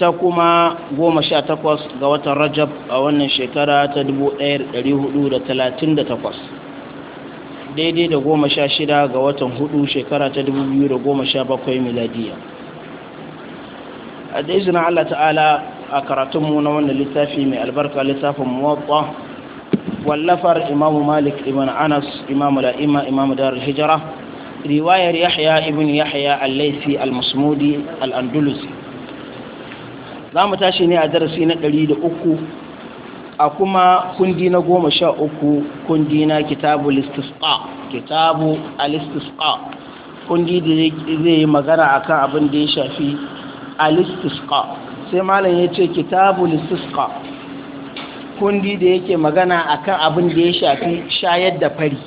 ta kuma goma sha takwas ga watan rajab a wannan shekara ta 1438 daidai da goma sha shida ga watan hudu shekara ta 2017 miladiya a daizin Allah ta'ala a karatunmu na wannan littafi mai albarka littafin muwatsa wallafar imamu malik ibn anas imamu la'ima imamu dar hijira riwayar yahya ibn yahya al-laifi al musmudi al-andalusi za mu tashi ne a darasi na ɗari da uku a kuma kundi na goma sha uku kundi na kitabu listisqa kitabu a alistisqa kundi da zai yi magana a kan abin da ya shafi a alistisqa sai malam ya ce kitabu listisqa kundi da yake magana a kan abin da ya shafi shayar da fari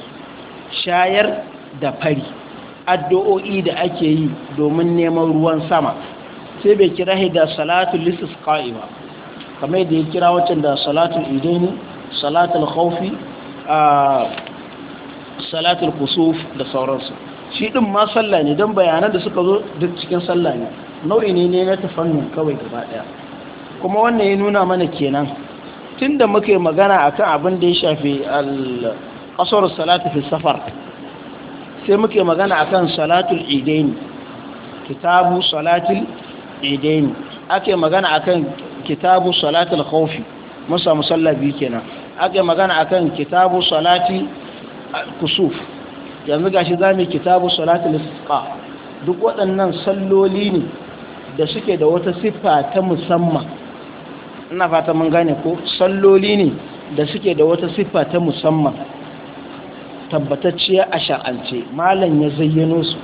shayar da fari addu'o'i da ake yi domin neman ruwan sama sai bai kira da salatul Lissus ba kamar yadda ya kira wacce da salatul idaini salatul haufi a salatul kusuf da sauransu shi ɗin ma sallah ne don bayanan da suka zo duk cikin sallah ne nau'i ne ne na tafannin kawai gaba ɗaya. kuma wannan ya nuna mana kenan tunda muke magana akan abin da ya shafi al salatu fi safar sai muke magana akan salatul idaini kitabu salatul idaini ake magana akan kitabu salatul khawfi musa musalla bi kenan ake magana akan kitabu salati kusuf yanzu gashi zamu kitabu salatul isqa duk waɗannan salloli ne da suke da wata siffa ta musamman ina fata mun gane ko salloli ne da suke da wata siffa ta musamman tabbatacciya a sha'ance malam ya zayyano su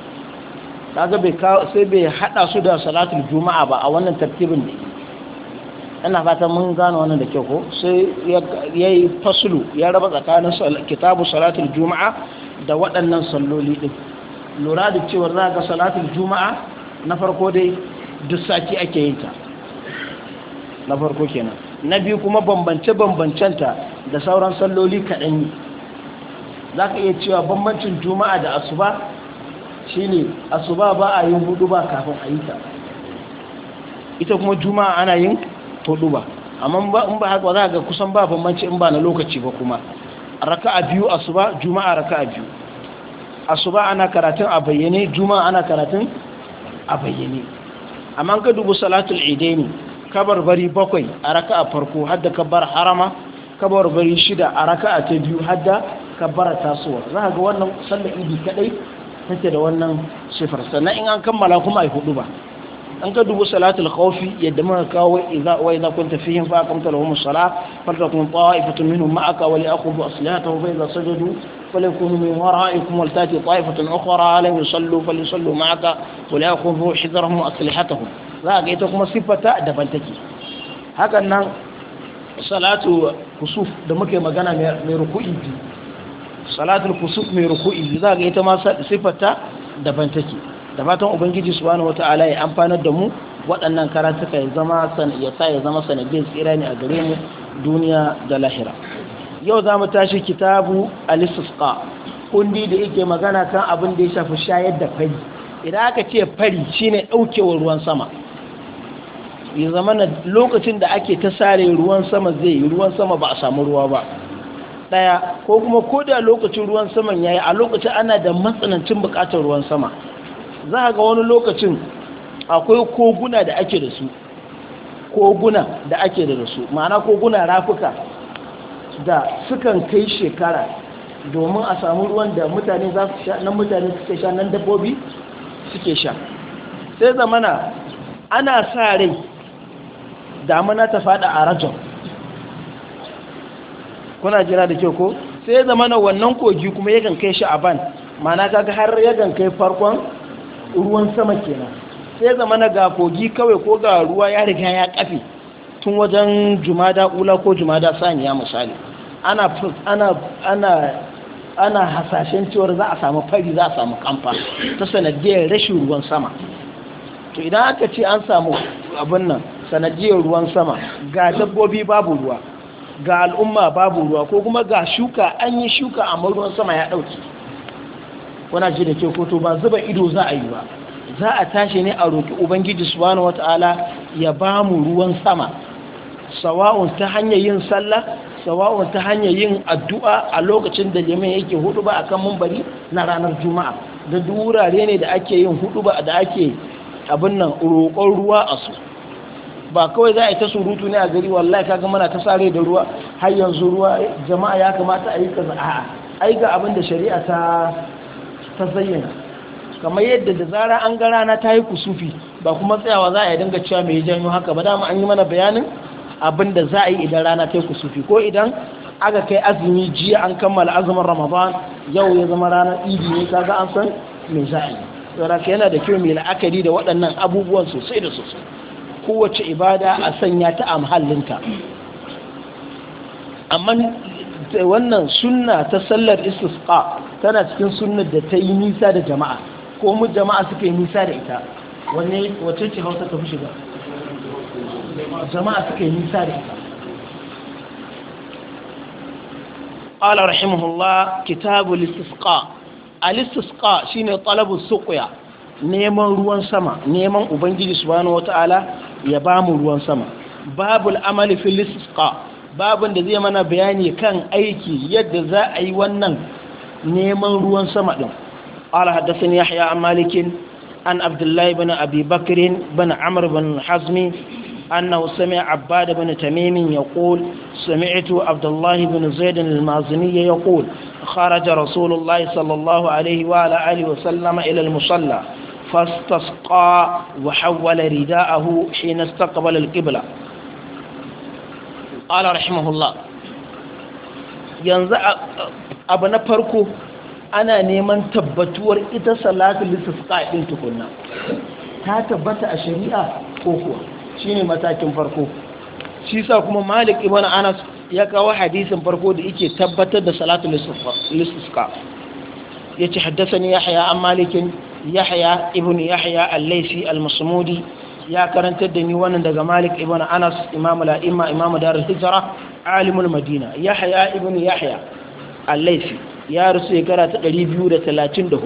kaga bai sai bai hada su da salatul juma'a ba a wannan tartibin ne ina fata mun gano wannan da kyau ko sai yayi fasulu ya raba tsakanin kitabu salatul juma'a da waɗannan salloli din lura da cewa za ga salatul juma'a na farko dai duk sati ake yin ta na farko kenan na biyu kuma bambance ta da sauran salloli kaɗan yi. za ka iya cewa bambancin juma'a da asuba shine asuba ba a yin hudu ba kafin a ta ita kuma juma'a ana yin hudu ba amma in ba haka za ga kusan ba bambanci in ba na lokaci ba kuma raka'a biyu asuba juma'a raka'a biyu asuba ana karatun a bayyane juma'a ana karatun a bayyane amma ka dubu salatul idaini kabar bari bakwai a raka'a farko hadda kabar harama kabar bari shida a raka'a ta biyu hadda kabar tasowa za ga wannan sallar idi kadai take da wannan sifar sannan in an kammala kuma ai hudu ba an ka dubu salatul khawfi yadda muka kawo idza wa idza kunta fihim fa aqamta lahum as-salah faltakum ta'ifatun minhum ma'aka wa li'khudhu aslihatahu fa idza sajadu فليكونوا من ورائكم ولتأتي طائفة أخرى لم يصلوا فليصلوا معك وليأخذوا حذرهم وأسلحتهم ذاك يتكم صفة دفنتكي هكذا صلاة كسوف دمك مغانا من salatul kusuf mai ruku'i za ga ita ma sifarta daban take da fatan ubangiji subhanahu wataala ya amfanar da mu waɗannan karatuka ya zama ya sa ya zama sanadin tsira ne a gare mu duniya da lahira yau za mu tashi kitabu al-istisqa kundi da yake magana kan abin da ya shafi shayar da fari idan aka ce fari shine ɗaukewar ruwan sama ya zama lokacin da ake ta sare ruwan sama zai yi ruwan sama ba a samu ruwa ba ɗaya ko kuma ko da lokacin ruwan saman ya yi a lokacin ana da matsanancin buƙatar ruwan sama za a ga wani lokacin akwai koguna da ake da su koguna da ake da su ma'ana koguna rafuka da sukan kai shekara domin a samu ruwan da mutane za su sha nan mutane suke sha nan dabbobi suke sha sai zamana ana sa rai damana ta fada a rajon kuna jira da kyau ko sai ya zama na wannan kogi kuma yakan kai shi a ban mana kaga har yakan kai farkon ruwan sama kenan sai zama na ga kogi kawai ko ga ruwa ya riga ya kafe tun wajen jumada ula ko jumada saniya misali ana ana ana hasashen cewar za a samu fari za a samu kamfa ta sanadiyar rashin ruwan sama to idan aka ce an samu abin nan sanadiyar ruwan sama ga dabbobi babu ruwa ga al'umma babu ruwa ko kuma ga shuka an yi shuka amma ruwan sama ya ɗauki wana ji da ke koto ba zuba ido za a yi ba za a tashi ne a roƙi ubangiji subhanahu wata'ala ya ba mu ruwan sama sawa'un ta hanyar yin sallah sawa'un ta hanyar yin addu'a a lokacin da liman yake hudu ba akan mambari na ranar juma'a da duk wurare ne da ake yin hudu ba da ake abin nan roƙon ruwa a su ba kawai za a yi ta surutu ne a gari wallahi kaga mana ta sare da ruwa har yanzu ruwa jama'a ya kamata a yi kaza a'a ai ga abin da shari'a ta ta zayyana kamar yadda da zara an ga rana ta yi kusufi ba kuma tsayawa za a yi dinga cewa mai janyo haka ba dama an yi mana bayanin abin da za a yi idan rana ta yi kusufi ko idan aka kai azumi jiya an kammala azumin ramadan yau ya zama ranar idi ne kaga an san me za a yi yana da kyau mai la'akari da waɗannan abubuwan sosai da sosai kowace ibada a sanya ta a mahallinta amma wannan sunna ta sallar istisqa tana cikin sunnar da ta yi nisa da jama'a ko mu jama'a suka yi nisa da ita wanne wace ce hausa ta fushi ba. jama'a suka yi nisa da ita قال رحمه الله كتاب الاستسقاء الاستسقاء shine طلب السقيا neman ruwan sama neman ubangiji subhanahu wataala ya bamu ruwan sama babul amali fil isqa babun da zai mana bayani kan aiki yadda za a yi wannan neman ruwan sama din qala hadathani yahya an malikin an abdullahi ibn abi bakr ibn amr ibn hazmi أنه سمع عباد بن تميم يقول سمعت عبد الله بن زيد المازني يقول خرج رسول الله صلى الله عليه وعلى آله وسلم إلى المصلى فاستسقى وحول رداءه حين استقبل القبلة قال رحمه الله yanzu abu na farko ana neman tabbatuwar ita salatul istisqa din tukunna ta tabbata a shari'a ko kuwa shine matakin farko shi sa kuma Malik ibn Anas ya kawo hadisin farko da yake tabbatar da salatul istisqa yace haddathani Yahya an Malikin yahya ibn yahya al-laisi al-masmudi ya karanta da wannan daga malik ibn anas imamu la'imma imamu darul hijra alimul madina yahya ibn yahya al-laisi ya rusu shekara ta 234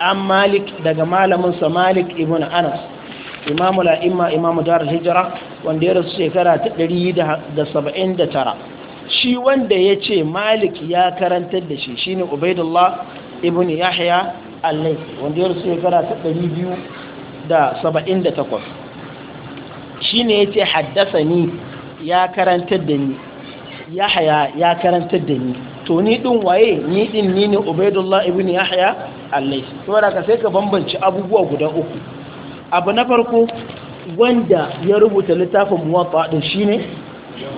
an malik daga malamin sa malik ibn anas imamu la'imma imamu darul hijra wanda ya rusu shekara ta 179 shi wanda ya ce malik ya karantar da shi shine ubaidullah ibn yahya allai wanda ya rasu shekara ta takwas shi ne ya ce haddasa ni ya karantar da ni ya haya ya karantar da ni to ni ɗin waye ni ɗin ni ne ubaidullah ibn ya haya allai saboda ka sai ka bambanci abubuwa guda uku abu na farko wanda ya rubuta littafin muwatta ɗin shi ne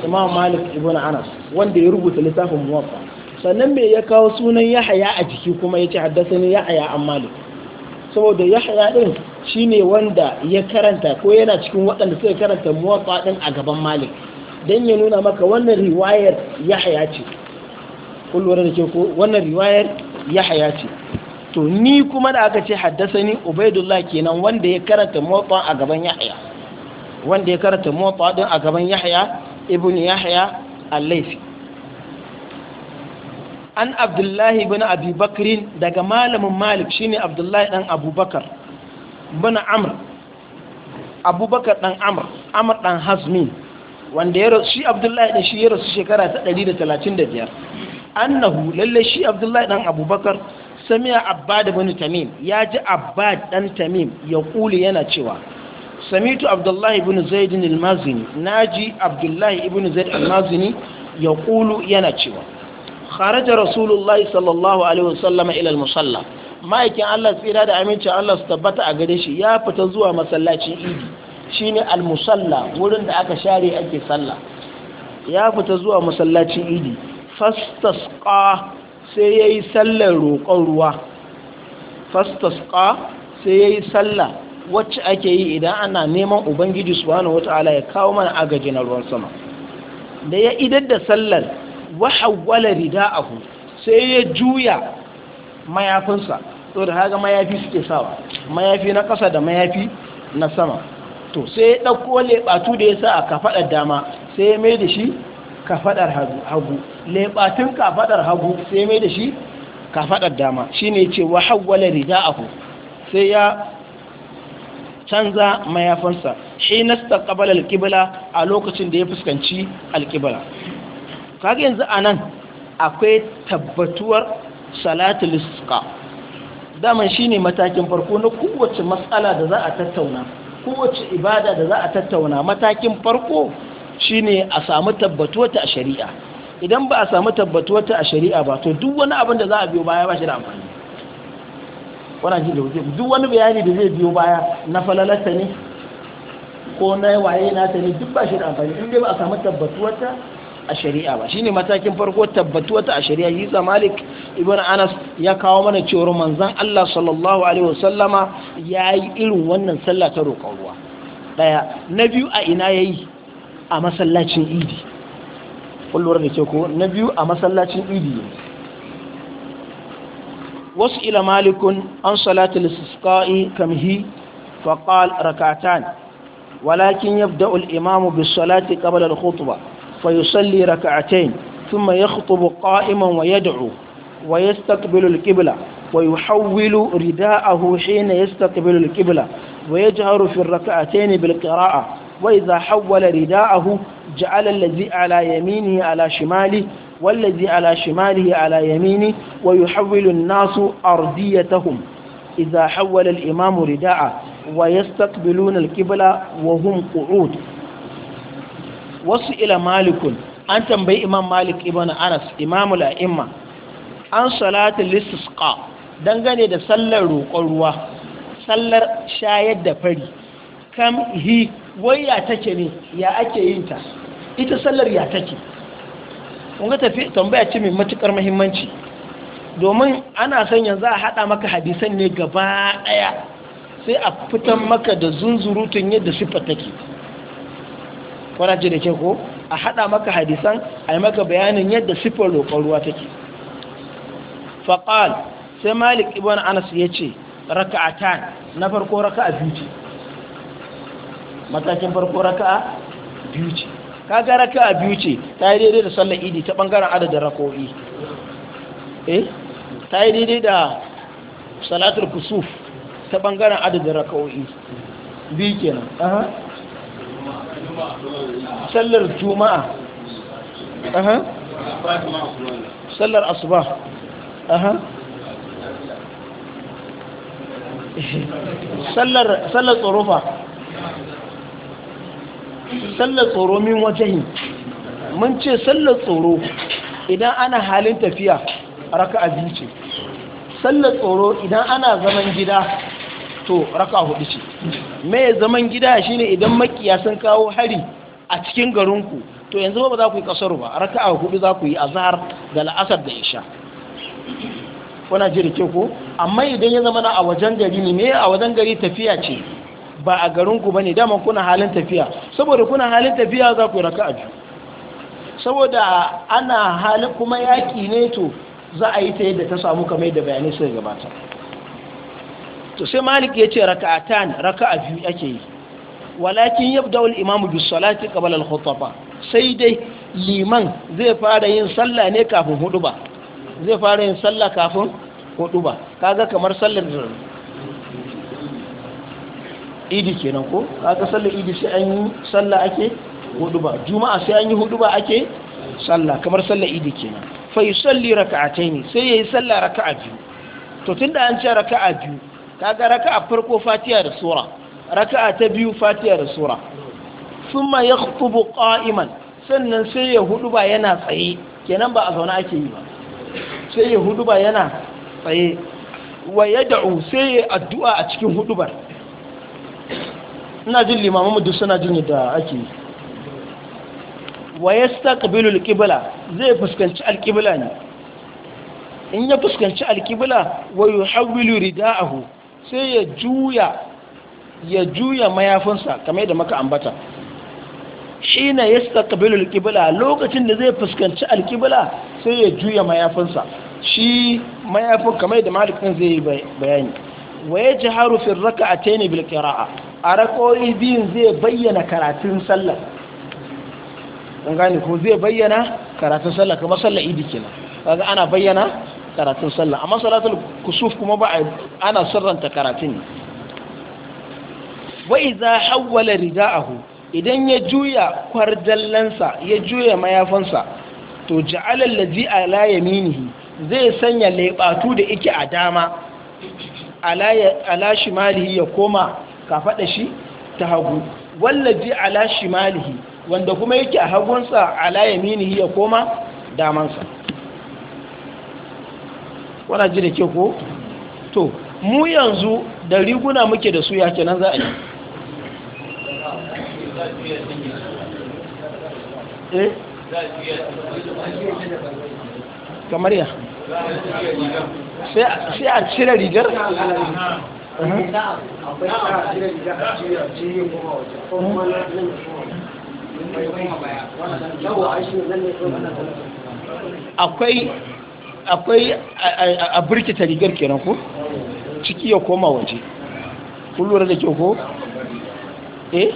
imam malik ibn anas wanda ya rubuta littafin muwatta sannan mai ya kawo sunan yahaya a jiki kuma ya ce haddasani yahaya an malik saboda yahaya din shine wanda ya karanta ko yana cikin waɗanda suka karanta muwatta din a gaban malik Don ya nuna maka wannan riwayar yahaya ce kullum da ke ko wannan riwayar yahaya ce to ni kuma da aka ce haddasani ubaidullah kenan wanda ya karanta muwatta a gaban yahaya wanda ya karanta muwatta din a gaban yahaya ibnu yahaya al-laifi an abdullahi bin abi daga malamin malik shine abdullahi dan abubakar bin amr abubakar dan amr amr dan hazmin wanda ya rasu shi abdullahi dan shi ya rasu shekara ta 135 annahu lalle shi abdullahi dan abubakar sami'a abbad bin tamim ya ji abbad dan tamim ya kuli yana cewa samitu abdullahi bin zaid al-mazini naji abdullahi ibn zaid al-mazini ya kulu yana cewa kharaja rasulullahi sallallahu alaihi wasallam ila al-musalla ma'aikin Allah tsira da amincin Allah su tabbata a gare shi ya fita zuwa masallacin idi shine al-musalla wurin da aka share ake sallah ya fita zuwa masallacin idi fastasqa sai yayi sallar roƙon ruwa fastasqa sai yayi salla wacce ake yi idan ana neman ubangiji subhanahu wataala ya kawo mana agaji na ruwan sama da ya idar da sallar wa hawwala rida'ahu sai ya juya mayafinsa to da haga mayafi suke sawa mayafi na ƙasa da mayafi na sama to sai ya ɗauko leɓatu da ya sa a kafaɗar dama sai ya mai da shi kafaɗar hagu leɓatun kafaɗar hagu sai ya mai da shi kafaɗar dama shine ne ce wa hawwala rida'ahu sai ya canza mayafinsa shi nasta ƙabalar a lokacin da ya fuskanci alƙibla kaga yanzu anan akwai tabbatuwar salatul isqa daman shine matakin farko na kowace matsala da za a tattauna kowace ibada da za a tattauna matakin farko shine a samu tabbatuwata a shari'a idan ba a samu tabbatuwata a shari'a ba to duk wani abin da za a biyo baya ba shi da amfani wannan ji da wuce duk wani bayani da zai biyo baya na falalata ne ko na waye na ta ne duk ba shi da amfani in dai ba a samu ta a shari'a ba shine matakin farko tabbatuwa ta a shari'a yisa malik ibn anas ya kawo mana cewar manzon Allah sallallahu alaihi wasallama yayi irin wannan sallah ta roƙon ruwa daya na biyu a ina yayi a masallacin idi kullum da ke ko na biyu a masallacin idi wasu ila malikun an salatul istisqa'i kamhi fa qala rak'atan walakin yabda al-imamu bis salati qabla al-khutbah فيصلي ركعتين ثم يخطب قائما ويدعو ويستقبل الكبلة ويحول رداءه حين يستقبل الكبلة ويجهر في الركعتين بالقراءة وإذا حول رداءه جعل الذي على يمينه على شماله والذي على شماله على يمينه ويحول الناس أرضيتهم إذا حول الإمام رداءه ويستقبلون الكبلة وهم قعود wasu ila malikun an tambayi imam malik ibn anas imamul a'imma an salatul istisqa dangane da sallar roƙon ruwa sallar shayar da fari kam hi wai ya take ne ya ake yin ta ita sallar ya take kun ga tafi tambaya ce mai matukar muhimmanci domin ana son yanzu a hada maka hadisan ne gaba daya sai a fitan maka da zunzurutun yadda sifa take kwana da ke ko a haɗa maka hadisan a yi maka bayanin yadda sifar roƙon ruwa take faƙal sai malik ibn anas ya ce ta na farko raka a biyu ce matakin farko raka a biyu ce Ka raka a biyu ce ta yi daidai da sallar idi ta ɓangaren adadin rako'i eh ta yi daidai da salatul kusuf ta ɓangaren adadin rako'i biyu kenan sallar juma'a aha sallar asuba aha sallar sallar tsoro fa sallar tsoro min wajen mun ce sallar tsoro idan ana halin tafiya raka biyu ce sallar tsoro idan ana zaman gida to raka hudu ce mai zaman gida shine idan makiya sun kawo hari a cikin garinku to yanzu ba za ku yi kasar ba Raka a hudu za ku yi azhar da la'asar da isha kuna ji ke ko amma idan ya zama na a wajen gari ne me a wajen gari tafiya ce ba a garinku ne. dama kuna halin tafiya saboda kuna halin tafiya za ku yi a biyu saboda ana halin kuma yaki ne to za a yi ta yadda ta samu kamar da bayanai suka gabata to sai malik ya ce raka'atan raka'a biyu ake yi walakin yabda wal imamu bis salati qabla al khutba sai dai liman zai fara yin sallah ne kafin huduba zai fara yin sallah kafin huduba kaga kamar sallar idi kenan ko kaga sallar idi sai an yi sallah ake huduba juma'a sai an yi huduba ake sallah kamar sallar idi kenan fa yusalli raka'ataini sai yayi sallah raka'a biyu to tunda an ce raka'a biyu kaga raka'a farko fatiha da sura raka'a ta biyu fatiha da sura sun thumma yakhutubu qa'iman sannan sai ya hudu ba yana tsaye kenan ba a zaune ake yi ba sai ya hudu ba yana tsaye wa ya yad'u sai ya addu'a a cikin hudubar ina jin limamin mu duk suna jin da ake yi wa ya sa al-qibla zai fuskanci al ne in ya fuskanci alkibla wa yuhawwilu rida'ahu sai ya juya ya juya mayafinsa kamar da maka ambata shi na ya staƙabilu alƙibila lokacin da zai fuskanci alƙibila sai ya juya mayafinsa shi mayafin kamar da malikin zai yi bayani wa ya ji harufin raka a taini bilkira'a a rakoyi biyun zai bayyana karatun sallah kun gane ko zai bayyana karatun sallah kamar sallah idi kenan ana bayyana karatun sallah amma salatul kusuf kuma ba ana sirranta karatun ne wa idza hawwala rida'ahu idan ya juya kwardallansa ya juya mayafansa to ja'ala allazi ala yaminihi zai sanya lebatu da yake a dama ala ala shimalihi ya koma ka fada shi ta hagu wallazi ala shimalihi wanda kuma yake a hagunsa ala yaminihi ya koma damansa wana ji da ke ko to mu yanzu da riguna muke da su ya nan za a yi eh? kamar ya sai a cire rigar akwai akwai a birkita rigar kenan ko ciki ya koma waje kun lura da ke ko eh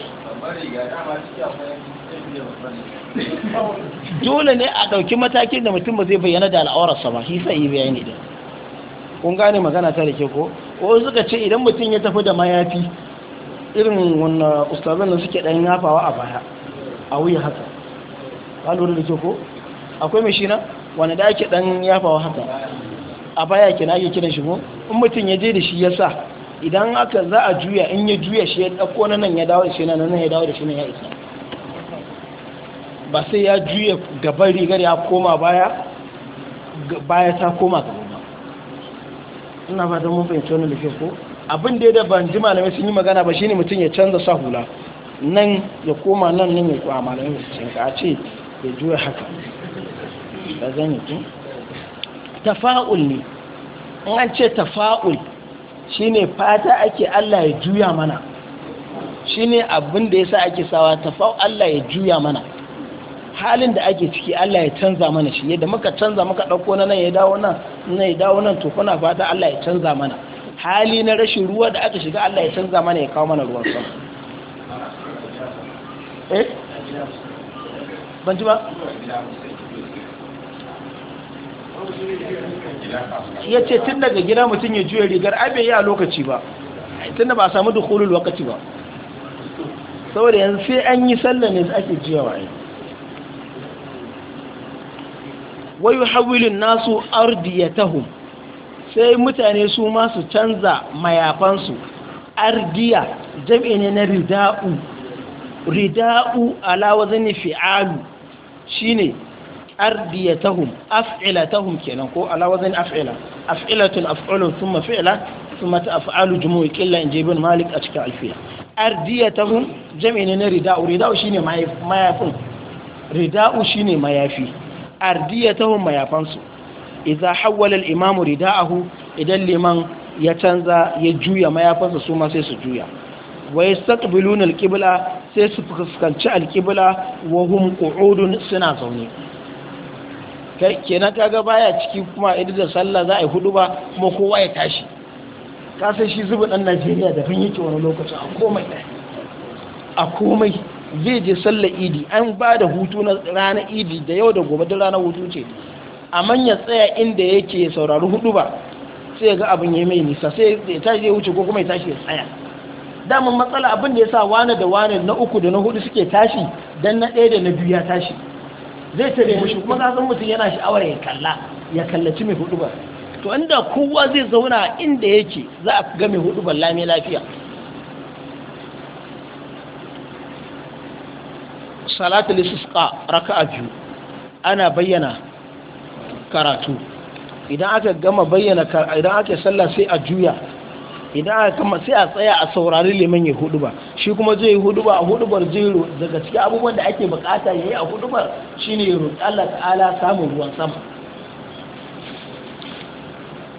dole ne a ɗauki matakin da mutum ba zai bayyana da al'aurarsa ba shi sai bayani da kun gane magana ta da ke ko ko suka ce idan mutum ya tafi da mayafi irin wanda ustazan da suke ɗan yafawa a baya a wuya haka ka lura da ke ko akwai mai shi na wani da ake dan yafawa haka a baya na ake kiran shi ko in mutum ya je da shi ya sa idan aka za a juya in ya juya shi ya dauko na nan ya dawo da shi na nan ya dawo da shi na ya isa ba sai ya juya gaban rigar ya koma baya baya ta koma gaba ba ina ba don mun fahimci wani lafiya ko abin da ya da ban ji malamai sun yi magana ba shine mutum ya canza sa hula nan ya koma nan nan ya kwa malamai su ce a ce ya juya haka zan yi tun? tafa'ul ne in an ce tafa'ul shi ne fata ake Allah ya juya mana shi ne abin da ya sa ake sawa tafa'ul Allah ya juya mana halin da ake ciki Allah ya canza mana shi yadda muka canza muka ɗauko na nan ya dawo nan na ya dawo nan to kuna fata Allah ya canza mana hali na rashin ruwa da aka shiga Allah ya canza mana ya kawo mana ruwan sama eh ban ji ba ya ce tun daga gida mutum ya juya rigar abin ya lokaci ba tun da ba a samu dukulul lokaci ba saboda yanzu sai an yi sallah ne ake jiya wa wayu hawilin nasu ardiyatahum sai mutane su ma su canza mayafansu ardiya jam'i ne na rida'u rida'u ala fi'alu shine ardiyatahum af'ilatahum kenan ko ala wazan af'ila af'ilatun af'ulun thumma fi'la thumma ta'falu jumu'i qilla in jibin malik a cikin alfiya ardiyatahum jam'i ne na rida'u rida'u shine mayafin rida'u shine mayafi ardiyatahum mayafansu idza hawwala al-imam rida'ahu idan liman ya canza ya juya mayafansa su ma sai su juya wa yastaqbiluna al-qibla sai su fuskanci al-qibla wa hum qu'udun suna zaune kenan kaga baya ciki kuma idan da sallah za a yi hudu ba kuma kowa ya tashi ka san shi zuba dan Najeriya da kan yake wani lokaci a komai a komai zai je sallar idi an ba da hutu na ranar idi da yau da gobe da ranar hutu ce a ya tsaya inda yake saurari hudu ba sai ya ga abin ya mai nisa sai ya tashi ya wuce ko kuma ya tashi ya tsaya daman matsala abin da ya sa wane da wane na uku da na hudu suke tashi dan na ɗaya da na biyu ya tashi zai tare mushi kuma ka mutum yana sha'awar ya kalla ya kallaci mai hudu ba to inda kowa zai zauna inda yake za a ga mai hudu ba lami lafiya salatul raka raka'a biyu ana bayyana karatu idan aka gama bayyana idan aka sallah sai a juya idan aka kama sai a tsaya a saurari liman ya huduba shi kuma zai huduba a hudubar jero, daga cikin abubuwan da ake bukata yayi a hudubar shine ya roki Allah ta'ala samun ruwan sama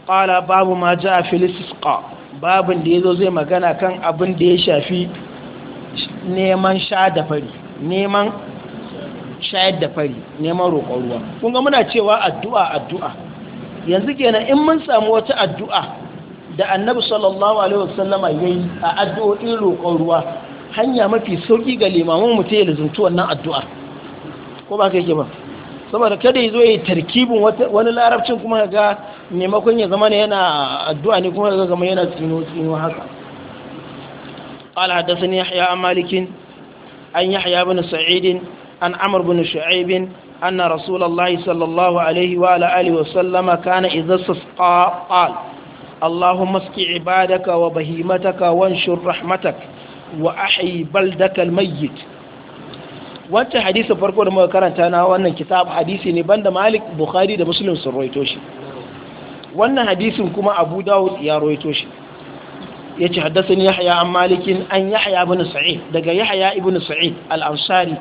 qala babu ma a fil isqa babin da yazo zai magana kan abin da ya shafi neman sha da fari neman shayar da fari neman roƙon ruwa kun ga muna cewa addu'a addu'a yanzu kenan in mun samu wata addu'a da annabi sallallahu alaihi wasallama yayi a addu'o'in roƙon ruwa hanya mafi sauki ga limamin mutum ya lazuntu wannan addu'a ko ba ka yake ba saboda kada yazo yayi tarkibin wani larabcin kuma ga maimakon ya zama yana addu'a ne kuma ga kamar yana tsino tsino haka qala hadathani yahya عن an yahya يحيى بن an amr عمرو بن anna rasulullahi sallallahu alaihi wa الله عليه وعلى آله وسلم كان إذا استسقى اللهم اسق عبادك وبهيمتك وانشر رحمتك وأحي بلدك الميت wancan hadisin farko da muka karanta na wannan kitab hadisi ne banda Malik Bukhari da Muslim sun roito shi wannan hadisin kuma Abu Dawud ya roito shi yace haddathani Yahya an Malikin an Yahya ibn Sa'id daga yahaya ibn Sa'id al-Ansari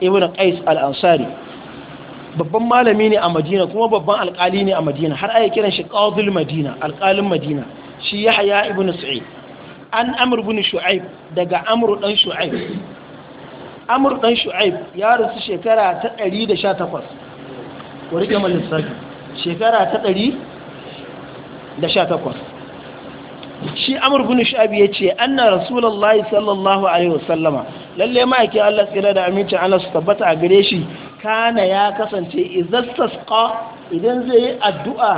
ibn Qais al-Ansari babban malami ne a madina kuma babban alkali ne a madina har ayi kiran shi qadul madina alkalin madina shi yahya ibn sa'id an amr ibn shu'aib daga amr dan shu'aib amr dan shu'aib ya rasu shekara ta 118 wa mallin saki shekara ta 118 shi amr ibn shu'aib yace anna rasulullahi sallallahu alaihi wasallama lalle ma yake Allah tsira da aminci Allah su tabbata a gare shi kana ya kasance izastasqa idan zai yi addu'a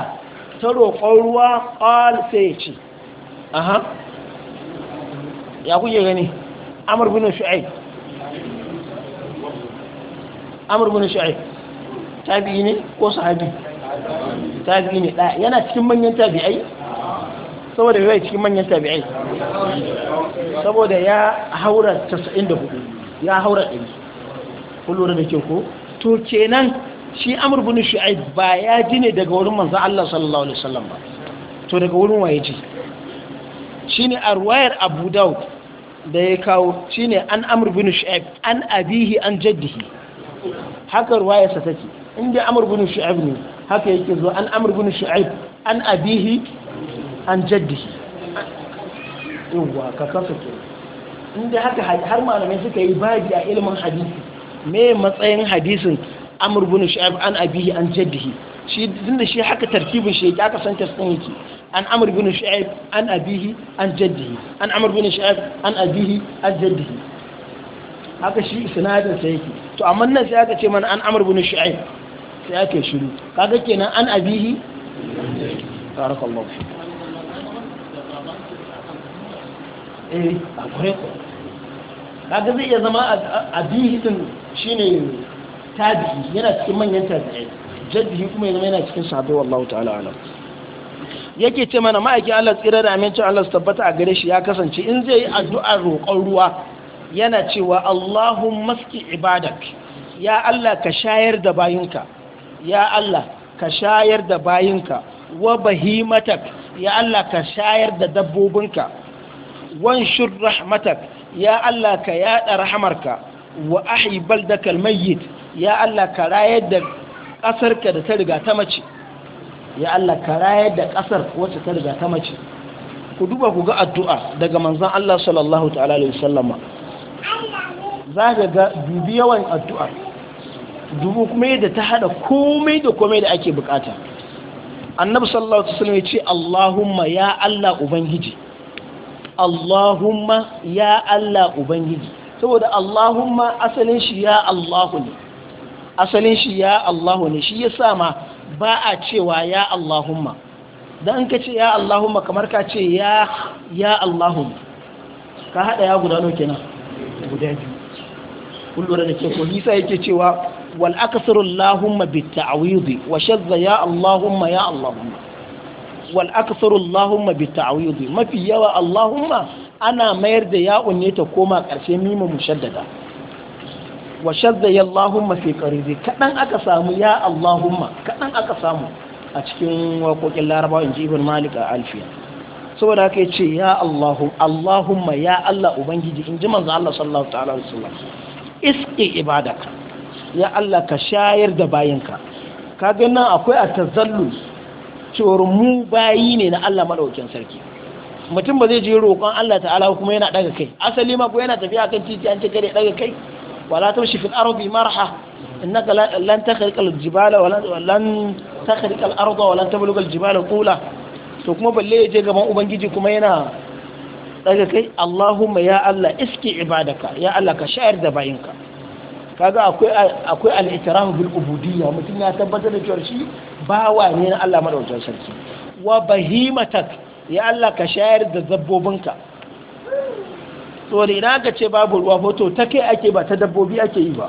ta roƙon ruwa qal sai ya ce aha ya kuke gani amr bin shu'aib amr bin shu'aib tabi'i ne ko sahabi tabi'i ne da yana cikin manyan tabi'ai saboda bai cikin manyan tabi'ai saboda ya haura 94 ya haura 100 kun da ke ko to kenan shi amr bin shu'aib ba ya ji ne daga wurin manzo Allah sallallahu alaihi wasallam ba to daga wurin waye ji shine arwayar abu Dawud da ya kawo shine an amr bin shu'aib an abihi an jaddihi haka ruwayarsa take inda amr bin shu'aib ne haka yake zo an amr bin shu'aib an abihi an jaddihi yawwa ka kafa ke inda haka har malamai suka yi baji a ilimin hadisi me matsayin hadisin amr bin shu'aib an abihi an jaddihi shi tunda shi haka tartibin shi yake aka san tasdin yake an amr bin shu'aib an abihi an jaddihi an amr bin shu'aib an abihi an jaddihi haka shi isnadin sa yake to amma nan sai aka ce mana an amr bin shu'aib sai aka yi shiru kaga kenan an abihi barakallahu eh akwai ko kaga zai iya zama abihi din shine tabi'i yana cikin manyan tabi'ai jaddihi kuma yana yana cikin sahabbai wallahu ta'ala alam yake ce mana ma'aikin Allah tsira da amincin Allah su tabbata a gare shi ya kasance in zai yi addu'ar roƙon ruwa yana cewa Allahun maski ibadak ya Allah ka shayar da bayinka ya Allah ka shayar da bayinka wa bahimatak ya Allah ka shayar da dabbobinka wan shur rahmatak ya Allah ka yada rahamarka wa ahi baldakal mayyit ya Allah ka rayar da ƙasarka da ta riga ta mace ya Allah ka rayar da ƙasar wacce ta riga ta mace ku duba ku ga addu'a daga manzon Allah sallallahu ta'ala alaihi wasallama za ka ga dubi yawan addu'a dubu kuma yadda ta hada komai da komai da ake bukata annabi sallallahu alaihi wasallam ya ce Allahumma ya Allah ubangiji Allahumma ya Allah ubangiji saboda Allahumma asalin shi ya Allahu ne asalin shi ya Allahu ne shi yasa ma ba a cewa ya Allahumma dan ka ce ya Allahumma kamar ka ce ya ya Allahu ka hada ya guda nawa kenan guda biyu kun lura da ke ko Isa yake cewa wal aksaru Allahumma bit ta'wid wa shadda ya Allahumma ya Allahumma wal aksaru Allahumma bit ta'wid mafi yawa Allahumma ana mayar da ya'un ne ta koma ƙarshe mima mushaddada wa shadda ya Allahumma fi qarizi kadan aka samu ya Allahumma kadan aka samu a cikin waƙoƙin in ji Ibn Malik a Alfiya saboda haka ce ya Allahu Allahumma ya Allah ubangiji ji manzo Allah sallallahu ta'ala alaihi wasallam iski ibadaka ya Allah ka shayar da bayinka kaga nan akwai a tazallul cewar mu bayi ne na Allah madaukakin sarki mutum ba zai je roƙon Allah ta'ala kuma yana daga kai asali ma ko yana tafiya kan titi an ce kare daga kai wala tamshi fil ardi marha innaka lan takhriqa al jibala wa lan al arda wa lan al jibala qula to kuma balle ya je gaban ubangiji kuma yana daga kai Allahumma ya Allah iski ibadaka ya Allah ka shayar da bayinka kaga akwai akwai al-i'tiraf bil ubudiyya mutum ya tabbatar da cewa shi bawa ne na Allah madaukakin sarki wa bahimatak ya Allah ka shayar da dabbobinka to ne na ka ce babu ruwa hoto ta kai ake ba ta dabbobi ake yi ba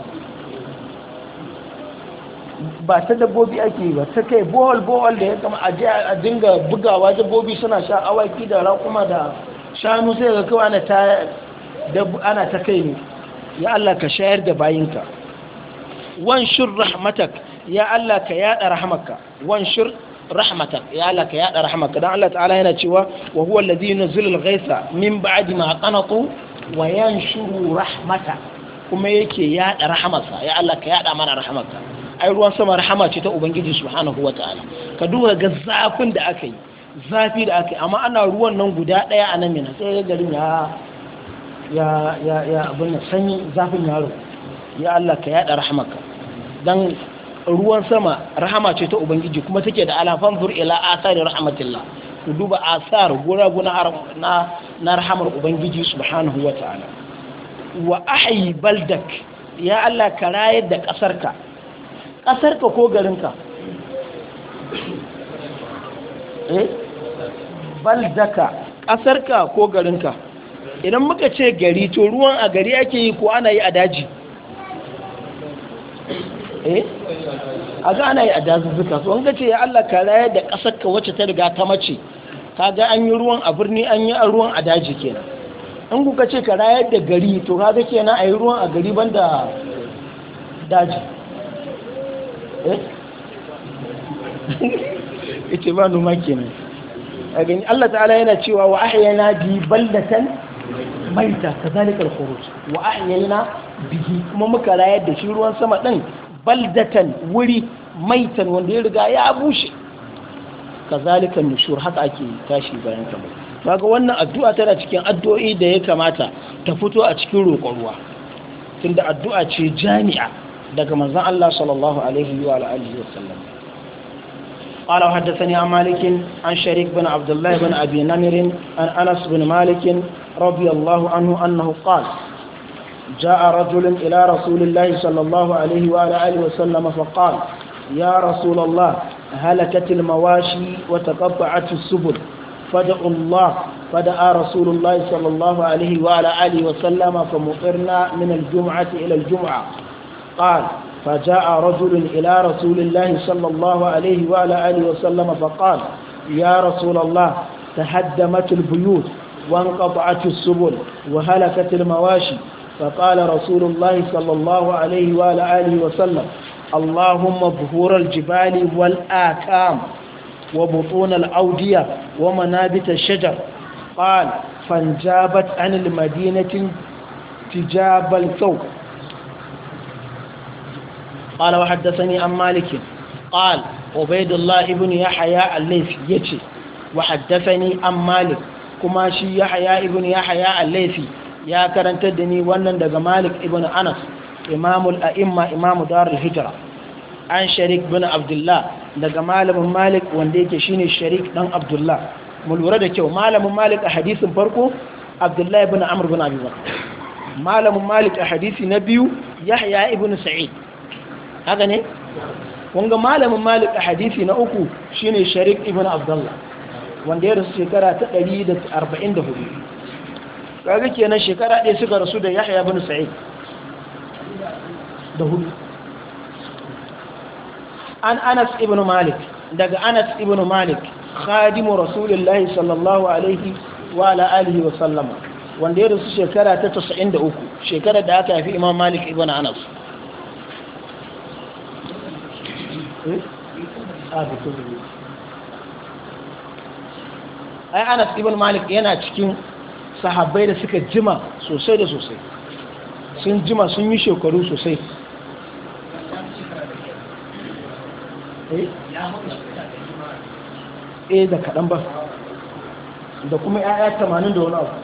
ba ta dabbobi ake yi ba ta kai bohol bohol da ya kama a dinga bugawa dabbobi suna sha awaki da raƙuma da shanu sai ga kawa ana ta ana ta kai ne ya Allah ka shayar da bayinka wanshur rahmatak ya Allah ka yada rahmaka wanshur rahmatan ya Allah ka yada rahmaka dan Allah ta'ala yana cewa wa huwa alladhi yunzilu al min ba'di ma qanatu wa yanshuru rahmata kuma yake yaɗa rahmarsa ya Allah ka yada mana rahmarka ai ruwan sama rahama ce ta ubangiji subhanahu ta'ala ka duba ga zafin da aka yi zafi da aka yi amma ana ruwan nan guda ɗaya a nan mina sai garin ya ya ya ya abin sanyi zafin yaro ya Allah ka yada rahmarka dan ruwan sama rahama ce ta ubangiji kuma take da alafan zur ila asari rahmatillah ku duba asar gura guna na na rahamar ubangiji subhanahu wataala wa ahyi baldak ya Allah ka rayar da kasarka kasarka ko garinka eh baldaka kasarka ko garinka idan muka ce gari to ruwan a gari ake yi ko ana yi a daji eh a ga ana yi a dazuzzuka so an ga ce ya Allah ka rayar da ƙasar ka wacce ta riga ta mace ka ga an yi ruwan a birni an yi ruwan a daji kenan in kuka ce ka rayar da gari to ka ga kenan a yi ruwan a gari ban da daji eh ita ba noma kenan a gani Allah ta'ala yana cewa wa ahyana bi baldatan maita kazalikal khuruj wa ahyana bihi kuma muka rayar da shi ruwan sama din baldatan wuri maitan wanda ya riga ya bushe kazalika nushur haka ake tashi bayan kamar kaga wannan addu'a tana cikin addu'o'i da ya kamata ta fito a cikin roƙon ruwa tunda addu'a ce jami'a daga manzon Allah sallallahu alaihi wa alihi wa sallam قال حدثني عن مالك عن شريك بن عبد الله بن أبي نمر عن أنس بن مالك رضي الله عنه أنه قال جاء رجل إلى رسول الله صلى الله عليه وعلى آله وسلم فقال يا رسول الله هلكت المواشي وتقطعت السبل فدأ الله فدعا رسول الله صلى الله عليه وعلى آله وسلم فمطرنا من الجمعة إلى الجمعة قال فجاء رجل إلى رسول الله صلى الله عليه وعلى آله وسلم فقال يا رسول الله تهدمت البيوت وانقطعت السبل وهلكت المواشي فقال رسول الله صلى الله عليه وآله وسلم اللهم ظهور الجبال والآكام وبطون الأودية ومنابت الشجر قال فانجابت عن المدينة تجاب الثوب قال وحدثني عن مالك قال عبيد الله ابن يحيى الليثي يتي وحدثني عن مالك كما شي يحيى ابن يحيى الليثي ya karantar da ni wannan daga malik ibn anas imamul a'imma imamu darul hijra an sharik bin abdullah daga malamin malik wanda yake shine sharik dan abdullah mu lura da kyau malamin malik a hadisin farko abdullah ibn amr bin abi bakr malamin malik a hadisi na biyu yahya ibn sa'id haka ne wanga malamin malik a hadisi na uku shine sharik ibn abdullah wanda ya rasu shekara ta 144 kaga kenan shekara ɗaya suka rasu da yahya bin sa'id da hudu an anas ibn malik daga anas ibn malik khadimu rasulullahi sallallahu alaihi wa ala alihi wa sallama wanda ya rasu shekara ta 93 shekara da aka haifi imam malik ibn anas eh? ah, ai anas ibn malik yana cikin sahabbai da suka jima sosai da sosai sun jima sun yi shekaru sosai eh, eh da kaɗan ba da kuma 'ya'ya tamanin da wani abu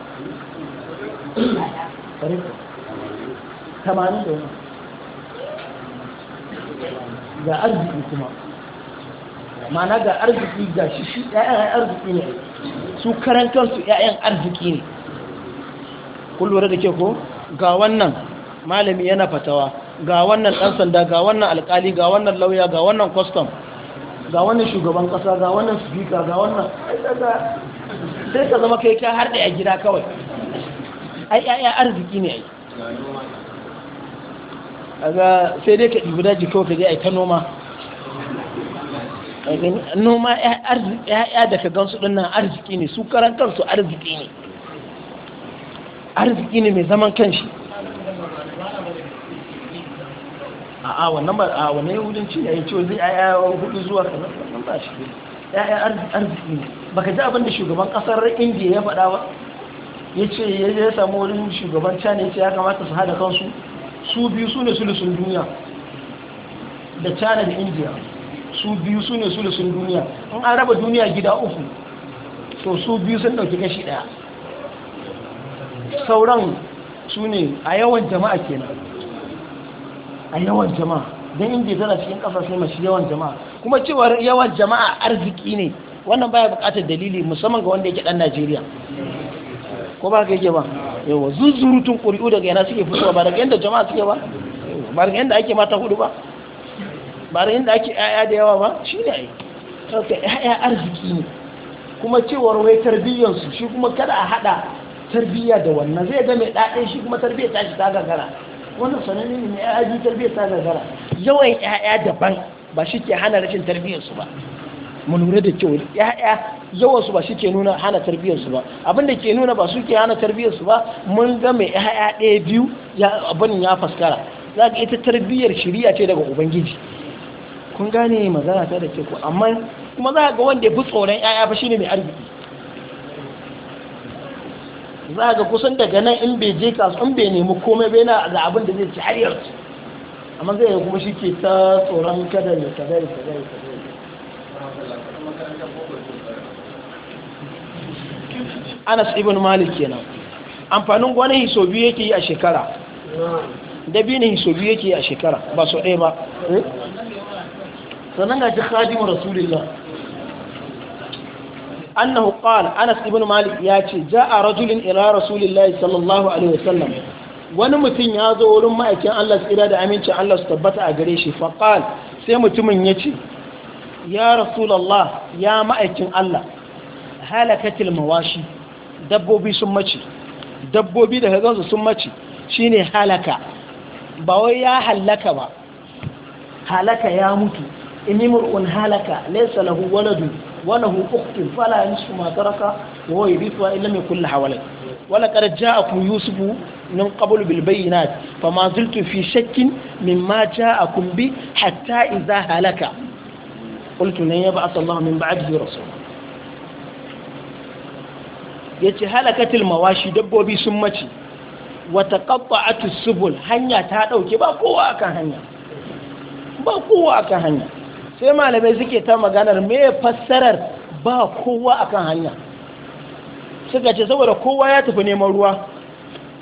tamanin da wani ga arziki kuma ma'ana ga arziki ga shi shi 'ya'yan arziki ne su su 'ya'yan arziki ne kullure da ke ko ga wannan malami yana fatawa ga wannan ɗan sanda ga wannan alƙali ga wannan lauya ga wannan kwastam ga wannan shugaban ƙasa ga wannan spika ga wannan sai ka zama kai kya harɗe a gida kawai ai ya'ya arziki ne ai aga sai dai ka ɗibi daji kawai kaje ai ta noma noma ya'ya da ka gansu ɗin nan arziki ne su karan kansu arziki ne arziki ne mai zaman kanshi a wannan ba a wannan yahudanci yayin cewa zai yaya hudu zuwa kaza nan ba shi ya arziki ne baka ji abin da shugaban kasar indiya ya faɗa ba ya ce ya samu wurin shugaban china ya ce ya kamata su hada kansu su biyu su ne sulusun duniya da china da indiya su biyu su ne sulusun duniya in an raba duniya gida uku to su biyu sun dauki kashi daya sauran su ne a yawan jama'a kenan a yawan jama'a don inda tana cikin sai masu yawan jama'a kuma cewar yawan jama'a arziki ne wannan baya bukatar dalili musamman ga wanda yake dan najeriya ko ba ka yake ba yawa zuzurutun ƙuri'u daga yana suke fitowa ba daga yadda jama'a suke ba ba daga yadda ake mata hudu ba ba daga yadda ake yaya da yawa ba shi ne ai yaya arziki ne kuma cewar wai tarbiyyarsu shi kuma kada a hada tarbiyya da wannan zai ga mai ɗaɗin shi kuma tarbiyyar ta shi ta gagara wannan sanani ne mai aji tarbiyya ta gagara yawan 'ya'ya daban ba shi ke hana rashin tarbiyar su ba mu lura da kyau 'ya'ya yawan su ba shi ke nuna hana tarbiyar su ba abin da ke nuna ba su ke hana tarbiyar su ba mun ga mai ya'ya ɗaya biyu ya abin ya faskara za ka ita tarbiyyar shiriya ce daga ubangiji kun gane magana ta da ke ku amma kuma za ka ga wanda ya fi tsoron ba fa ne mai arziki za ga kusan daga nan in bai je kasu in bai nemi komai bai na da abin da zai ci har yarci amma zai yi kuma shi ke ta tsoron kada ya kada ya kada ya kada Anas ibn Malik kenan amfanin gwani hiso biyu yake yi a shekara da biyu ne hiso biyu yake yi a shekara ba so ɗaya ba eh? sannan ga ji khadimu rasulullah annahu qala Anas ibn Malik ya ce ja'a rajulun ila rasulillahi sallallahu alaihi wasallam wani mutum ya zo wurin ma'aikin Allah tsira da amincin Allah su tabbata a gare shi faqal sai mutumin ya ce ya rasulallah ya ma'aikin Allah halakatil mawashi dabbobi sun mace dabbobi da hazansu sun mace shine halaka ba wai ya halaka ba halaka ya mutu inimrun halaka laysa lahu waladu وله أخت فلا نصف ما ترك وهو يرثها إن لم يكن لها ولد ولقد جاءكم يوسف من قبل بالبينات فما زلت في شك مما جاءكم به حتى إذا هلك قلت لن يبعث الله من بعده رسولا يتي هلكت المواشي دبوا بي سمتي وتقطعت السبل هنيا hanya ta dauke ba هنيا akan hanya ba sai malamai suke ta maganar me fassarar ba kowa akan hanya suka ce saboda kowa ya tafi neman ruwa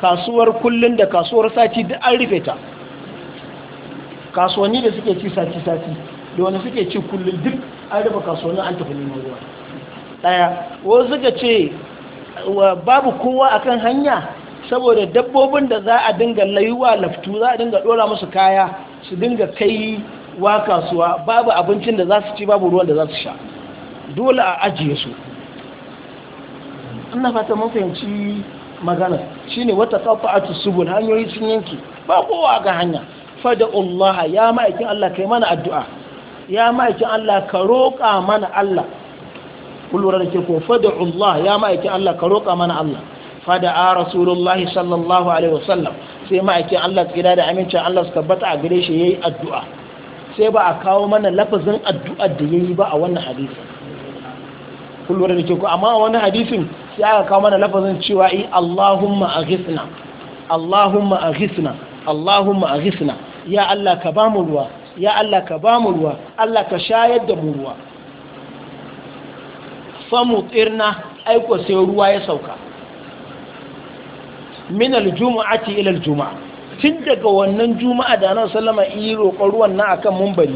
kasuwar kullun da kasuwar sati duk an rufe ta kasuwanni da suke ci sati sati da wani suke ci kullun duk an rufe kasuwanni an tafi neman ruwa daya wasu suka ce babu kowa akan hanya saboda dabbobin da za a dinga laiwa laftu za a dinga dora musu kaya su dinga kai wa kasuwa babu abincin da za su ci babu ruwan da za su sha dole a ajiye su ina fata mun fahimci magana shine wata qafa'atu subul hanyoyi sun yanke ba kowa ga hanya fada'ullaha ya ma'aikin Allah kai mana addu'a ya ma'aikin Allah ka roƙa mana Allah kullura da ke ko fada'ullah ya ma'aikin Allah ka roƙa mana Allah fada'a rasulullahi sallallahu alaihi wasallam sai ma'aikin Allah tsira da amincin Allah su tabbata a gare shi yayi addu'a sai ba a kawo mana lafazin addu'ar da yayi ba a wannan hadisi kullum da ke ku amma a wannan hadisin sai aka kawo mana lafazin cewa yi eh, Allahumma aghithna Allahumma aghithna Allahumma aghithna ya Allah ka ba mu ruwa ya Allah ka ba ruwa Allah ka shayar da mu ruwa famu tsirna aiko sai ruwa ya sauka min aljuma'ati ila juma'a tun daga wannan juma'a da nan sallama yi roƙon ruwan na akan mumbari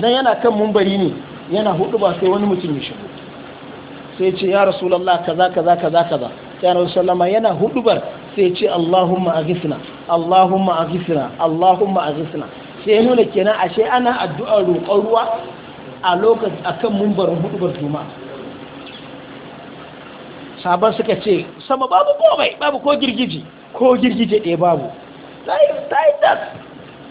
dan yana kan mumbari ne yana hudu ba sai wani mutum ya shigo sai ce ya rasulullah kaza kaza kaza kaza ya rasulullah yana hudubar sai ce allahumma aghithna allahumma aghithna allahumma aghithna sai nuna kenan ashe ana addu'a roƙon ruwa a lokacin akan mumbarin hudubar juma'a sabon suka ce sama babu komai babu ko girgiji ko girgije ɗaya babu ta yi tas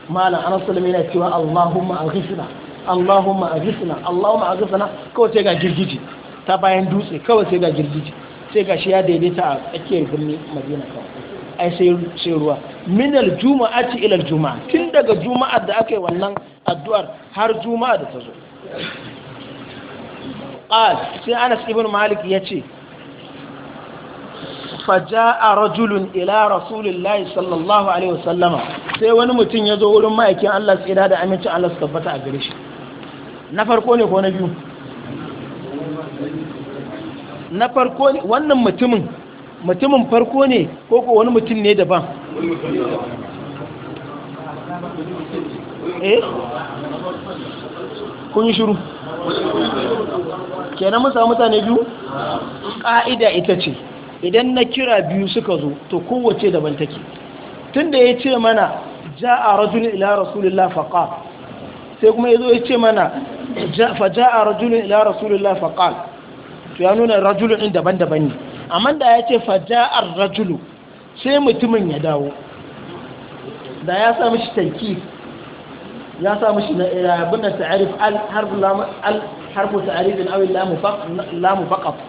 malam anas salama yana cewa allahumma aghithna allahumma aghithna allahumma aghithna kawai sai ga girgiji ta bayan dutse kawai sai ga girgiji sai ga shi ya daidaita a tsakiyar birnin madina kawai ai sai ruwa minal ci ilar juma'a tun daga juma'ar da aka yi wannan addu'ar har juma'a da ta zo qal sai Anas ibn Malik ce. faja'a rajulun ila rasulillahi sallallahu alaihi wasallama sai wani mutum ya zo wurin ma'aikin Allah tsira da amincin Allah su a gare shi na farko ne ko na biyu wannan mutumin farko ne ko ko wani mutum ne daban kun shiru kenan mun samu mutane biyu ƙa'ida ita ce idan na kira biyu suka zo to kowace daban take tunda ya ce mana ja a rajulun ila rasulillah faqal sai kuma ya zo ya ce mana fa ja a rajulun ila rasulillah faqal to ya nuna rajulun din daban-daban ne amma da ya ce fa ja a rajulu sai mutumin ya dawo da ya sa mishi tanki ya sa mishi na da eh, ta'arif al harfu ta'arifin aw lamu mufaqat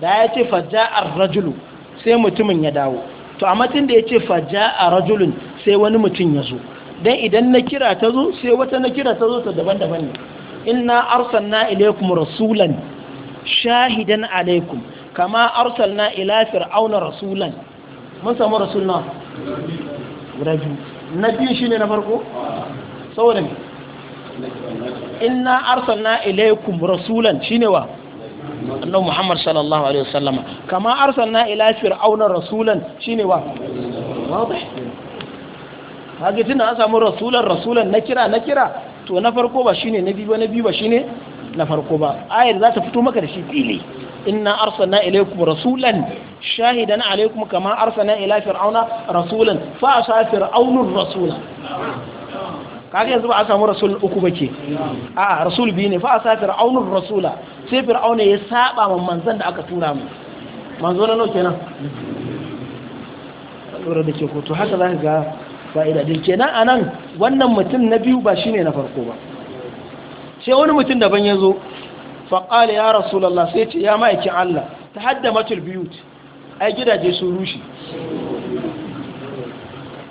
da ya ce a rajulu sai mutumin ya dawo to a matin da ya ce a rajulun sai wani mutum ya zo don idan na kira ta zo sai wata na kira ta zo ta daban-daban ne inna na ilaikum rasulan shahidan alaikum kama na ilafir auna rasulan mun samu na rabi na biyu shine na farko ina inna na ilaikum rasulan shine wa annabi Muhammad sallallahu alaihi wasallama kama arsalna ila fir'auna rasulan shine wa wadih hage tunda an samu rasulan rasulan na kira na kira to na farko ba shine na biyu ba na biyu ba shine na farko ba ayar za ta fito maka da shi fili inna arsalna ilaykum rasulan shahidan alaykum kama arsalna ila fir'auna rasulan fa asa fir'aunur rasula kaga yanzu ba a samu rasul uku ba ke a rasul biyu ne fa a sa fir'aunin rasula sai fir'auna ya saba man manzan da aka tura mu manzo na nau kenan lura da ke koto haka za ka ga fa'ida din kenan a nan wannan mutum na biyu ba shine na farko ba sai wani mutum daban ya zo faƙali ya rasulallah sai ce ya ma'aikin allah ta hadda matul biyut ai gidaje sun rushe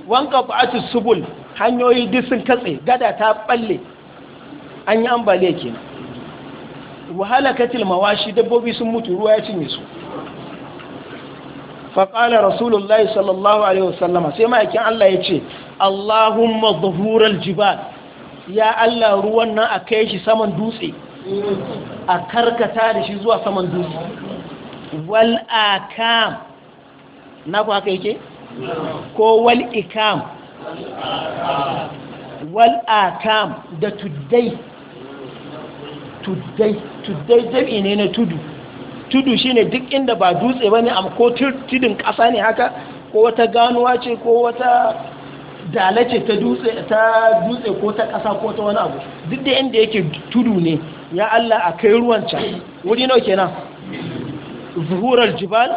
wanka ba'atus subul hanyoyi duk sun katse gada ta balle an yi ambaliya kenan wahala katil mawashi dabbobi sun mutu ruwa ya cinye su faƙala rasulullahi sallallahu alaihi wasallama sai ma'aikin Allah ya ce Allahumma zuhurar jibal ya Allah ruwan nan a kai shi saman dutse a karkata da shi zuwa saman dutse wal akam na ku haka yake ko wal wal'akam da tuddai tuddai tuddai jami'i ne na tudu tudu shine duk inda ba dutse ba ne ko tudun ƙasa ne haka ko wata ganuwa ce ko wata dalace ta dutse ta dutse ko ta ƙasa ko ta wani abu duk da inda yake tudu ne ya Allah a kai ruwan can wuri nawa kenan zuhurar jibal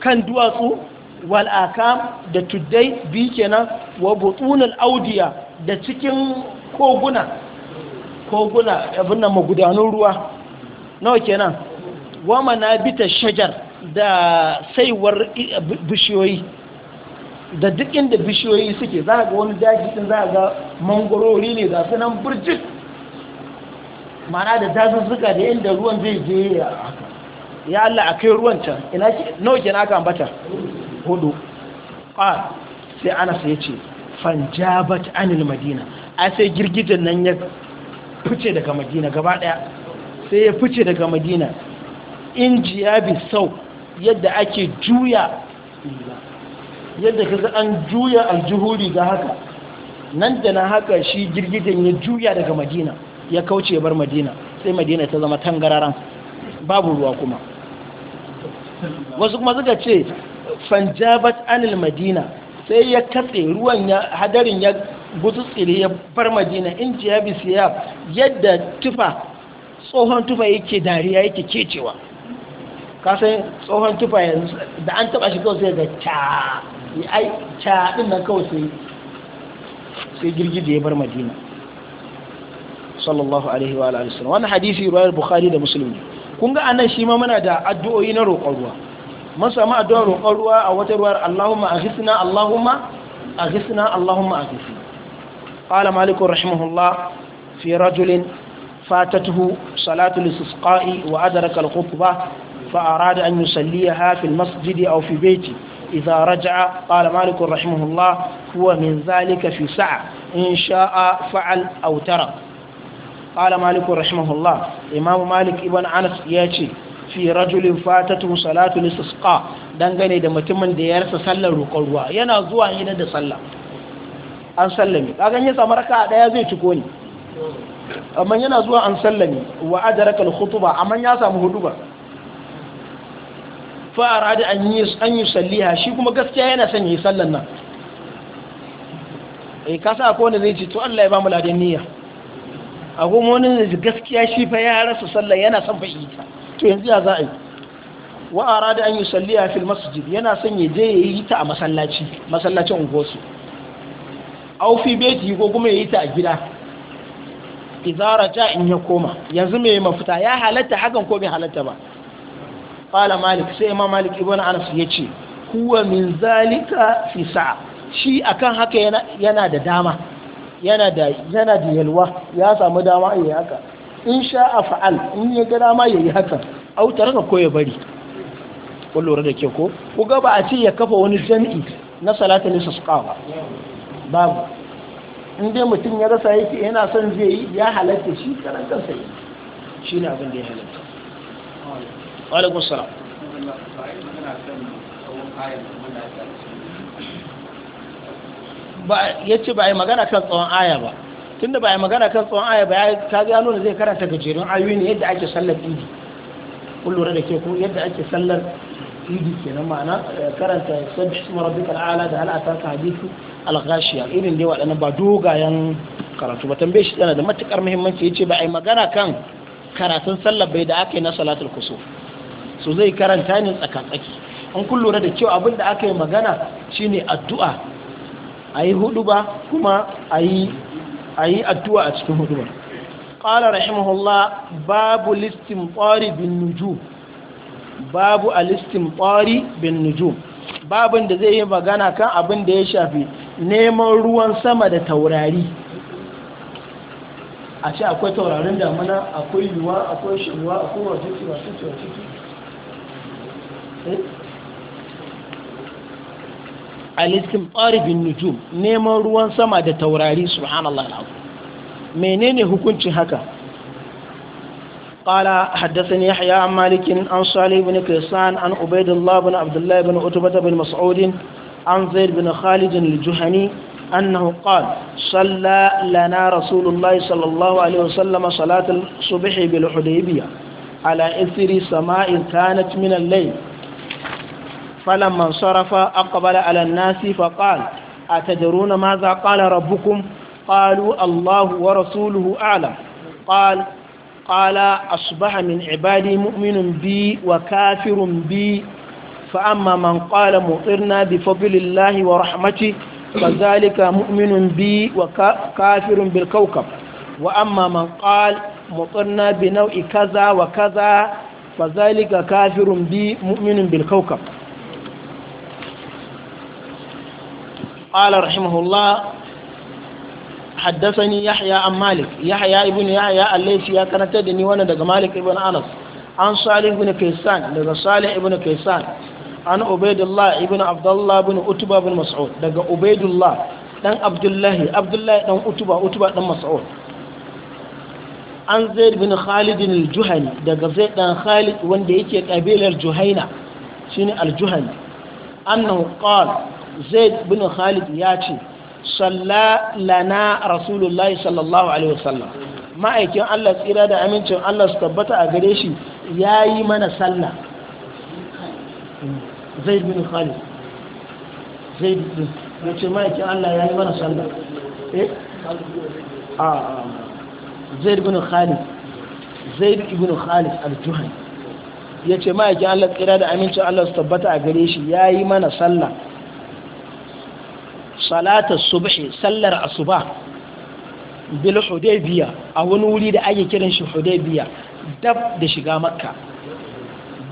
kan duwatsu Wal'aka da tuddai bi kenan wa butunul audiya da cikin koguna koguna abin nan magudanun ruwa nawa kenan wa manabita shajar da saiwar bishiyoyi da duk inda bishiyoyi suke za ga wani daji din za ga mangorori ne su nan burjik mana da dazuzzuka da inda ruwan zai je ya Allah a kai ruwan can ina nawa kenan aka ambata hudu qal sai saya ce fanjabat anil madina A sai girgijin nan ya fice daga madina gaba ɗaya. sai ya fice daga madina in bi sau yadda ake juya yadda kaga an juya aljuhuri ga haka nan da na haka shi girgijin ya juya daga madina ya kauce bar madina sai madina ta zama tangararan babu ruwa kuma wasu kuma suka ce fanjabat anil madina sai ya katse ruwan ya hadarin ya gutsire ya bar madina in ji ya bisiya yadda tufa tsohon tufa yake dariya yake kecewa kasai tsohon tufa yanzu da an taba shi kawai sai ga ca ai ca din nan kawai sai sai ya bar madina sallallahu alaihi wa alihi wasallam wannan hadisi riwayar bukhari da muslim kun ga anan shi ma muna da addu'o'i na roƙon ruwa mun samu addu'ar roƙon ruwa a wata ruwar Allahumma aghithna Allahumma aghithna Allahumma aghithna qala malik rahimahullah fi rajulin fatatuhu salatu al-istisqa'i wa adraka al-khutbah fa arada an yusalliha fi al-masjid aw fi bayti إذا رجع قال مالك رحمه الله هو من ذلك في ساعة إن شاء فعل أو ترك قال مالك رحمه الله إمام مالك ابن أنس ياتي fi rajulin fatatu salatu lisqa dangane da mutumin da ya rasa sallar roƙon ruwa yana zuwa yana da sallah an sallame kagan ya samu raka daya zai ciko ne amma yana zuwa an sallame wa adraka al amma ya samu huduba fa arada an yi an yi salliha shi kuma gaskiya yana son yi sallan nan eh sa ko ne zai ci to Allah ya ba mu ladan niyya a kuma wani gaskiya shi fa ya rasa sallah yana son fa yi ta to yanzu ya za a yi wa rada an yi salliya fil masjid yana son ya je ya yi ta a masallaci masallacin ungosu aw fi beti ko kuma ya yi ta a gida izara ta in ya koma yanzu mai mafita ya halatta hakan ko bai halatta ba qala malik sai imam malik ibn anas yace huwa min zalika fi sa'a shi akan haka yana da dama yana da yalwa ya samu dama yi haka in sha a fa'al in ya ga dama yi haka au taraka ko ya bari kun lura da ke ko ku ga ba a ce ya kafa wani jami'i na salatin istisqa ba babu inda mutum ya rasa yake yana son zai yi ya halatta shi karan kansa yi shi ne abin da ya halatta alaikun Ba ya ce ba a yi magana kan tsawon aya ba tunda ba a magana kan tsawon aya ba ta ga nuna zai karanta gajerun ayoyi ne yadda ake sallar idi kun lura da ke ko yadda ake sallar idi kenan ma'ana eh, karanta sabbi ismi duka a'la da hal ataka hadithu al-ghashiya irin dai waɗannan ba dogayen karatu ba tambaye shi tana da matukar muhimmanci ya ce ba a yi magana kan karatun sallar bai da aka yi na salatul so zai karanta ne tsakatsaki an kun da kyau abin da aka yi magana shine addu'a a yi hudu ba kuma a yi a yi addu'a a cikin hudubar ƙala rahimahullah babu listin ƙwari bin nuju babu a listin ƙwari bin nuju babin da zai yi magana kan abin da ya shafi neman ruwan sama da taurari a ce akwai taurarin damuna akwai yiwuwa akwai shiruwa akwai wasu ciki wasu ciki eh? al-istimtari bin nujum neman ruwan sama da taurari subhanallahi alazim menene hukuncin haka قال حدثني يحيى عن مالك عن صالح بن كيسان عن عبيد الله بن عبد الله بن عتبة بن مسعود عن زيد بن خالد الجهني أنه قال صلى لنا رسول الله صلى الله عليه وسلم صلاة الصبح بالحديبية على إثر سماء كانت من الليل فلما انصرف أقبل على الناس فقال أتدرون ماذا قال ربكم قالوا الله ورسوله أعلم قال قال أصبح من عبادي مؤمن بي وكافر بي فأما من قال مطرنا بفضل الله ورحمته فذلك مؤمن بي وكافر بالكوكب وأما من قال مطرنا بنوع كذا وكذا فذلك كافر بي مؤمن بالكوكب قال رحمه الله حدثني يحيى عن مالك يحيى ابن يحيى الليثي يا كانت دني وانا دغ مالك ابن انس عن صالح بن كيسان دغ صالح ابن كيسان عن عبيد الله ابن عبد الله بن عتبة بن مسعود دغ عبيد الله دان عبد الله عبد الله دان عتبة عتبة دان مسعود عن زيد بن خالد الجهني دغ زيد دان خالد وند yake kabilar Juhaina shine al-Juhani annahu qala zaid bin khalid ya ce sallalana rasulullahi sallallahu alaihi wasallam ma'aikin Allah tsira da amincin Allah su tabbata a gare shi ya yi mana sallah zaid bin khalid zaid bin ya ce ma'aikin Allah ya yi mana sallah eh? ah, ah. zaid bin khalid zaid ibn khalid al-juhani ya ce ma'aikin Allah tsira da amincin Allah su tabbata a gare shi ya yi mana sallah salata subhi sallar asuba bil hudaybiya a wani wuri da ake kiran shi hudaybiya dab da shiga makka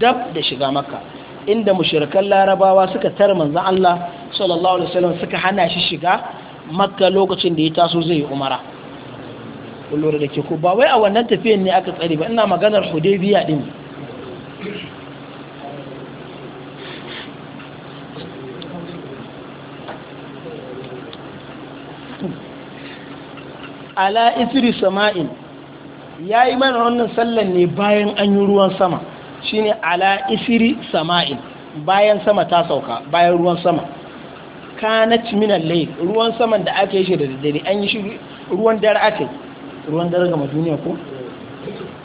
dab da shiga makka inda mushrikan larabawa suka tar manzo Allah sallallahu alaihi wasallam suka hana shi shiga makka lokacin da ya taso zai yi umara kullure da ke ko ba wai a wannan tafiyar ne aka tsari ba ina maganar hudaybiya din ala isri sama'in ya yi mana wannan sallan ne bayan an yi ruwan sama shine ala isri sama'in bayan sama ta sauka bayan ruwan sama kanat minan layl ruwan saman da aka yi shi da dare an yi shi ruwan dare ake yi ruwan dare ga duniya ko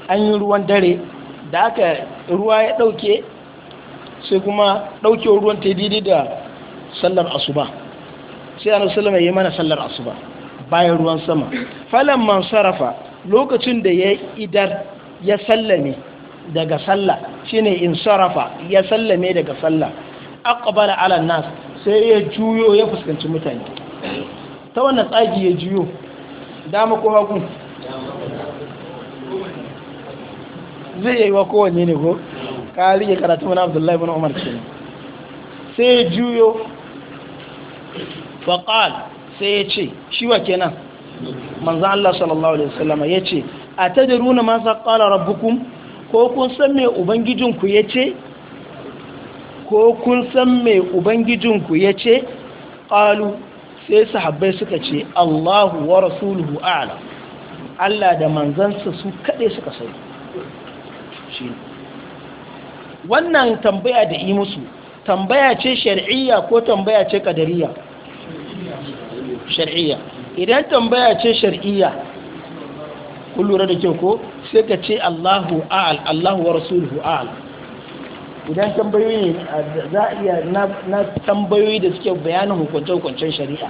an yi ruwan dare da aka ruwa ya dauke sai kuma dauke ruwan ta didi da sallar asuba sai annabi sallallahu alaihi wasallam ya yi mana sallar asuba bayan ruwan sama Falon man sarrafa lokacin da ya idar ya sallame daga sallah ne in sarrafa ya sallame daga sallah akwabar alan nas sai ya juyo ya fuskanci mutane ta wannan tsagi ya juyo dama ko haku zai yi wa kowanne ne ko kari ya karatu wani abdullahi wani umar ce sai ya juyo faƙal sai ya ce shi wa kenan manzan Allah sallallahu alaihi wasallam ya ce a ta da runa masa ƙala rabbukum ko kun san mai ubangijinku ya ce ko kun san mai ubangijinku ya ce ƙalu sai sahabbai suka ce Allahu wa rasuluhu ala Allah da manzansa su kaɗai suka sai wannan tambaya da yi musu tambaya ce shari'iyya ko tambaya ce ƙadariya shar'iyya idan tambaya ce shar'iyya kun lura da kyau ko sai ka ce Allahu a'al Allahu wa rasuluhu a'al idan tambayoyi za a iya na tambayoyi da suke bayanin hukunce-hukuncen shari'a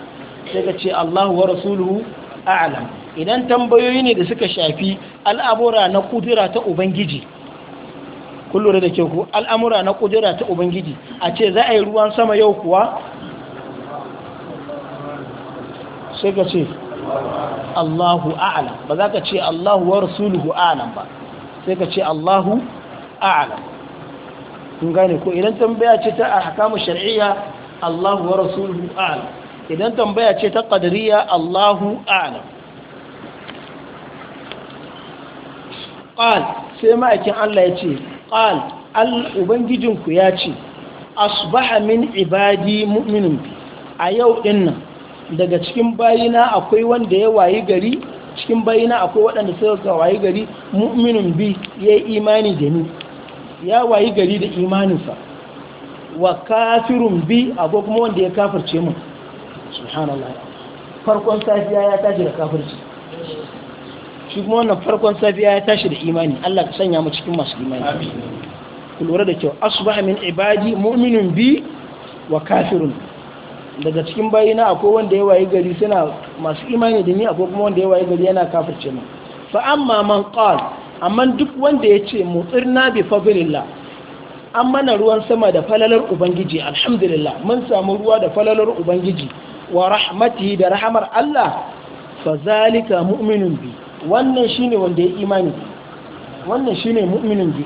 sai ka ce Allahu wa rasuluhu a'alam idan tambayoyi ne da suka shafi al'amura na kudura ta ubangiji kun da kyau ko al'amura na kudura ta ubangiji a ce za a yi ruwan sama yau kuwa sai ka ce Allahu a'lam ba za ka ce Allahu wa rasuluhu a'lam ba sai ka ce Allahu a'lam kun gane ko idan tambaya ce ta ahkamu shar'iyya Allahu wa rasuluhu a'lam idan tambaya ce ta qadariyya Allahu a'lam qal sai ma'aikin Allah ya ce qal al ubangijinku ya ce asbaha min ibadi mu'minun a yau dinnan daga cikin bayina akwai wanda ya wayi gari cikin bayina akwai waɗanda ga wayi gari mu'minun bi ya yi imani da ni ya wayi gari da imaninsa wa kafirun bi akwai kuma wanda ya kafirce mu subhanallah farkon safiya ya tashi da kafirci shi kuma wannan farkon safiya ya tashi da imani Allah ka sanya mu cikin masu imani amin ku lura da kyau asbaha min ibadi mu'minun bi wa kafirun bi daga cikin bayina akwai wanda ya waye gari suna masu imani da ni akwai kuma wanda ya waye gari yana kafirce mu fa amma man qal amma duk wanda ya ce mutsirna bi fadlillah an mana ruwan sama da falalar ubangiji alhamdulillah mun samu ruwa da falalar ubangiji wa rahmatihi da rahamar Allah fa zalika mu'minun bi wannan shine wanda ya imani wannan shine mu'minun bi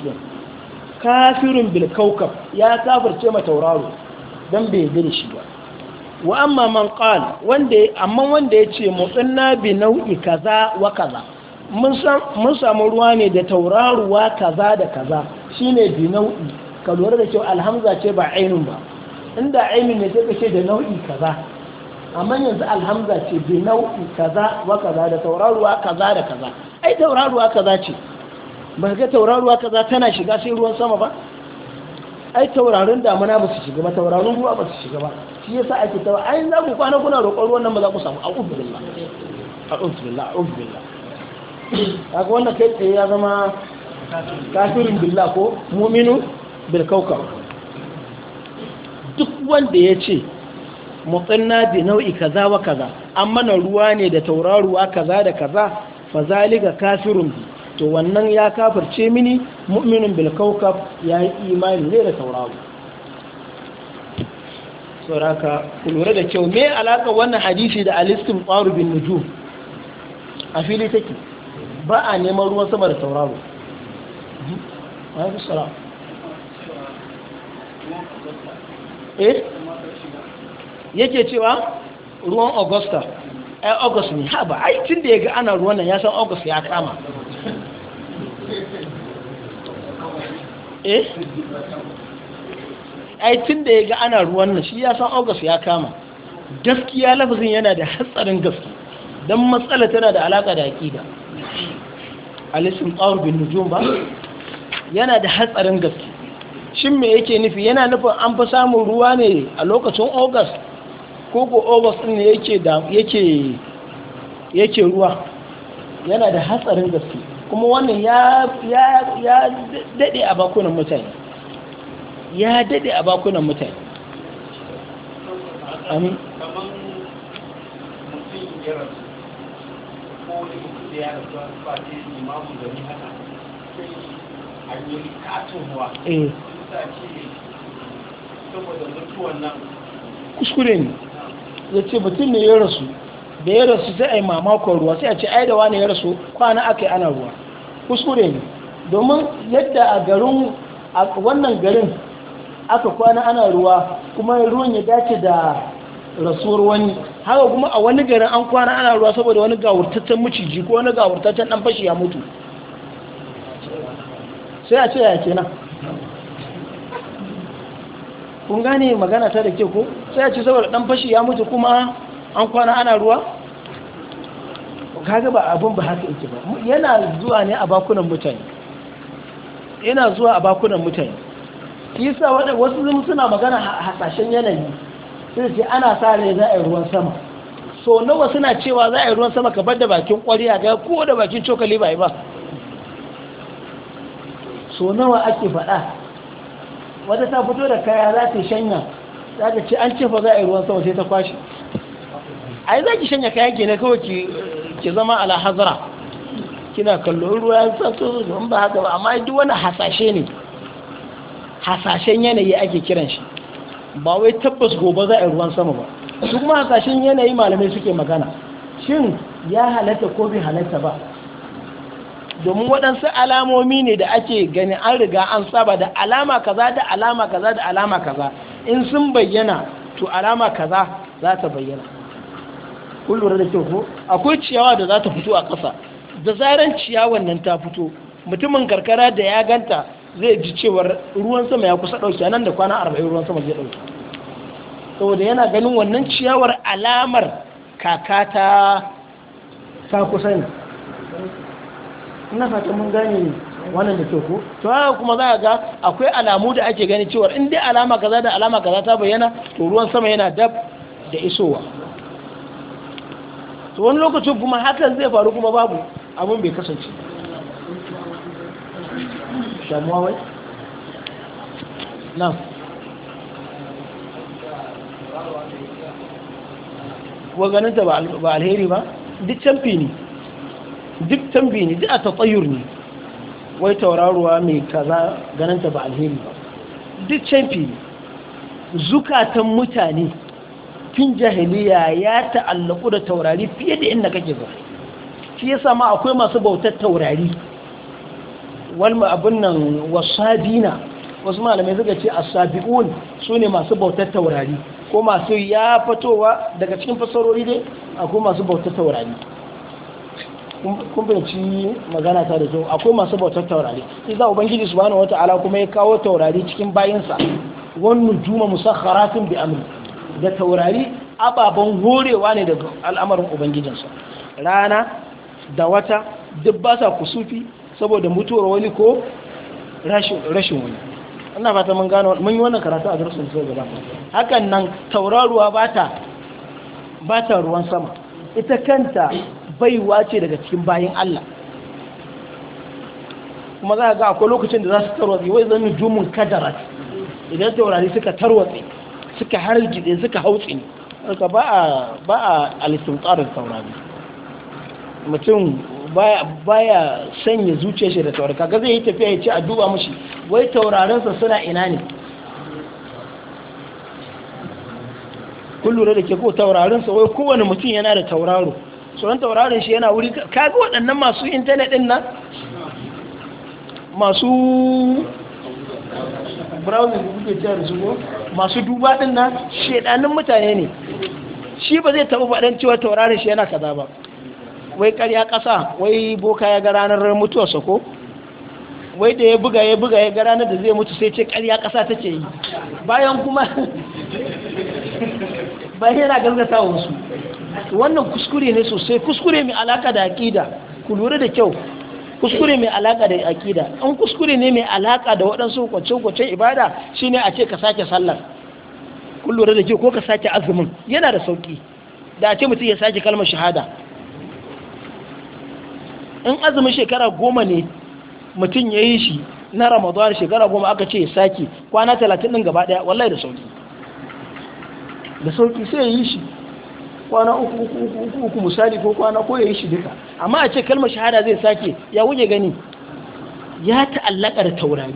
kafirun bil kaukab ya kafirce ma tauraro dan bai gani shi ba wa amma man qala wanda amma wanda yace mutsanna bi nau'i kaza wa kaza mun san mun samu ruwa ne da tauraruwa kaza da kaza shine bi nau'i ka lura da cewa alhamza ce ba ainun ba inda ainun ne sai kace da nau'i kaza amma yanzu alhamza ce bi nau'i kaza wa kaza da tauraruwa kaza da kaza ai tauraruwa kaza ce ba ga tauraruwa kaza tana shiga sai ruwan sama ba ai taurarin damana ba su shiga ba taurarin ruwa ba su shiga ba shi yasa ake tawa ai za ku kwana kuna roƙon ruwan nan ba za ku samu a'udhu billah a'udhu billah a'udhu billah kaga wannan kai tsaye ya zama kafirin billah ko mu'minu bil kawkab duk wanda ya ce mutsanna bi nau'i kaza wa kaza amma na ruwa ne da tauraruwa kaza da kaza fa zalika kafirun bi to wannan ya kafirce mini mu'minin bil kaukab ya yi imani ne da tauraro sauraka ku lura da kyau me alaka wannan hadisi da alistin faru bin nujum a fili take ba a neman ruwan sama da tauraro eh? yake cewa ruwan augusta ai august ne ha ba ai tun da ya ga ana ruwan nan ya san august ya kama eh ai tun da ya ga ana ruwan nan shi ya san august ya kama gaskiya lafazin yana da hatsarin gaske don matsala tana da alaƙa da aƙida alisun tsawon bin nujum ba yana da hatsarin gaske shin me yake nufi yana nufin an fi samun ruwa ne a lokacin august ko ko august ne yake yake yake ruwa yana da hatsarin gaske kuma wannan ya daɗe a bakunan mutane ya daɗe a bakunan mutane amin eh. kuskure ne ya ce mutum ne ya rasu da ya rasu sai a yi mamakon ruwa sai a ce ai da wani ya rasu kwana aka yi ana ruwa kuskure ne domin yadda a garin wannan garin aka kwana ana ruwa kuma ruwan ya dace da rasuwar wani haka kuma a wani garin an kwana ana ruwa saboda wani gawurtaccen maciji ko wani gawurtaccen dan fashi ya mutu sai a ce ya kenan kun gane magana ta da ke ko sai a ce saboda dan fashi ya mutu kuma an kwana ana ruwa kaga ba abin ba haka yake ba yana zuwa ne a bakunan mutane yana zuwa a bakunan mutane isa wasu zama suna magana hasashen yanayi sai ce ana sa rai za a yi ruwan sama so nawa suna cewa za a yi ruwan sama ka bar da bakin a ga ko da bakin cokali ba yi ba so nawa ake faɗa wata ta fito da kaya za ta shanya za ta ce an ce fa za a yi ruwan sama sai ta kwashe ai za ki shanya kaya ke ne kawai ki ki zama ala hazara kina kallo ruwa ya sato zuwa, ba haka ba amma duk wani hasashe ne hasashen yanayi ake kiran shi ba wai tabbas gobe za a ruwan sama ba su kuma hasashen yanayi malamai suke magana shin ya halatta ko bai halatta ba domin waɗansu alamomi ne da ake gani an riga an saba da alama kaza da alama kaza da alama kaza in sun bayyana to alama kaza za ta bayyana kun lura da kyau ko akwai ciyawa da za ta fito a ƙasa da zaran ciyawan nan ta fito mutumin karkara da ya ganta zai ji cewar ruwan sama ya kusa ɗauki nan da kwana arba'in ruwan sama zai ɗauki saboda yana ganin wannan ciyawar alamar kaka ta ta kusa ne ina fatan mun gane wannan da ko to haka kuma za ga akwai alamu da ake gani cewar in dai alama kaza da alama kaza ta bayyana to ruwan sama yana dab da isowa to wani lokacin kuma hakan zai faru kuma babu abin bai kasance Wa na ganinta ba alheri ba duk canfi ne duk canfi ne duk a tatsayur ne wai tauraruwa mai kaza ganinta ba alheri ba duk canfi ne zukatan mutane tun jahiliya ya ta'allaku da taurari fiye da inda kake zuwa shi yasa ma akwai masu bautar taurari walma abin nan wasabina wasu malamai suka ce asabi'un su ne masu bautar taurari ko masu ya fatowa daga cikin fasarori dai akwai masu bautar taurari kumbinci magana ta da zuwa, akwai masu bautar taurari isa ubangiji wata ala kuma ya kawo taurari cikin bayansa wannan juma musakharatin bi amri da taurari ababen horewa ne daga al'amarin ubangijinsu rana da wata duk ba sa kusufi saboda mutuwar wani ko rashin wani Ana fata mun gano mun yi wannan karatu a darasin sai gaba hakan nan tauraruwa bata ta ruwan sama ita kanta baiwa ce daga cikin bayan Allah kuma za ga akwai lokacin da za su tarwatsi wai zan nujumun kadarat idan taurari suka tarwatsi suka harjide suka hautsi ka ba a alistin saurari mutum baya sanya zuciya shi da taurari kaga zai yi tafiya ya ce a duba mashi wai taurarinsa suna ina ne lura da ke ko taurarinsa wai kowane mutum yana da tauraro sauran taurarin shi yana wuri kaga waɗannan masu intanet ɗin nan masu browser da kuke cewa da su ko masu duba din nan shedanin mutane ne shi ba zai taɓa faɗin cewa taurarin shi yana kaza ba wai ƙarya ƙasa wai boka ya ga ranar mutuwarsa ko wai da ya buga ya buga ya ga ranar da zai mutu sai ce ƙarya ƙasa ta ce yi bayan kuma bayan yana gargata wasu wannan kuskure ne sosai kuskure mai alaka da aƙida ku lura da kyau kuskure mai alaka da akida an kuskure ne mai alaka da waɗansu kwace-kwace ibada shine a ce ka sake sallar kun lura da ke ko ka sake azumin yana da sauki da a ce mutum ya sake kalmar shahada in azumin shekara goma ne mutum ya yi shi na ramadan shekara goma aka ce ya sake kwana talatin ɗin gaba ɗaya wallahi da sauki da sauki sai ya yi shi kwana uku uku uku uku misali ko kwana ko ya yi shi duka amma a ce kalmar shahada zai sake ya wuce gani ya ta'allaka da taurari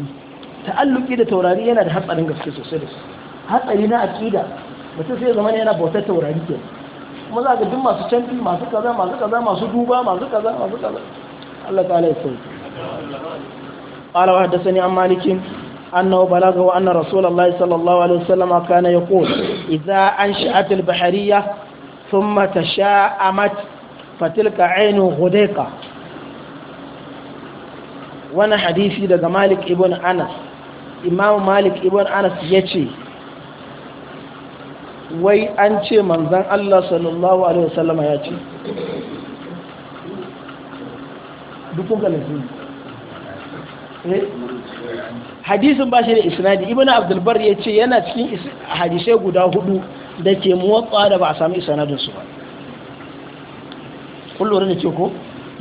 ta'alluki da taurari yana da hatsarin gaske sosai da hatsari na akida mutum sai zama yana bautar taurari ke kuma za ga duk masu canfi masu kaza masu kaza masu duba masu kaza masu kaza Allah ta'ala ya sauke قال وحدثني عن مالك أنه بلغه أن wa الله صلى الله عليه وسلم كان يقول إذا أنشأت البحرية ثم تشاءمت فتلك عين غديقة وانا حديثي دا مالك ابن أنس إمام مالك ابن أنس يتي وي an من ذن الله صلى الله عليه وسلم يتي dukkan kalafin hadisin ba shi da isnadi ibn abdulbar ya ce yana cikin hadisai guda hudu da ke muwatsa da ba a sami sanadinsu ba kullum da ke ko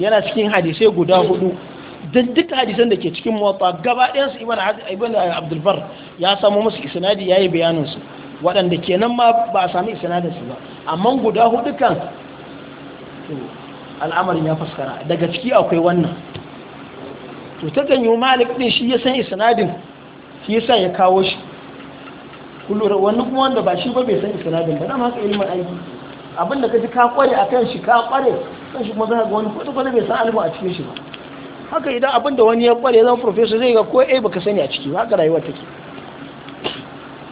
yana cikin hadisai guda hudu duk duka hadisan da ke cikin muwatsa gaba ɗayansu ibn abdulbar ya samu musu isnadi ya yi bayaninsu waɗanda kenan ma ba a sami su ba amma guda hudu kan al'amarin ya faskara daga ciki akwai wannan to ta ganyo malik ɗin shi ya san isnadin shi yasa ya kawo shi kullura wani kuma wanda ba shi ba bai san isnadin ba na haka ilimin aiki abin da ka ji ka kware a shi ka kware kan shi kuma za ga wani kwata kwata bai san alimu a cikin shi ba haka idan abin da wani ya kware zan professor zai ga ko eh baka sani a ciki ba haka rayuwar take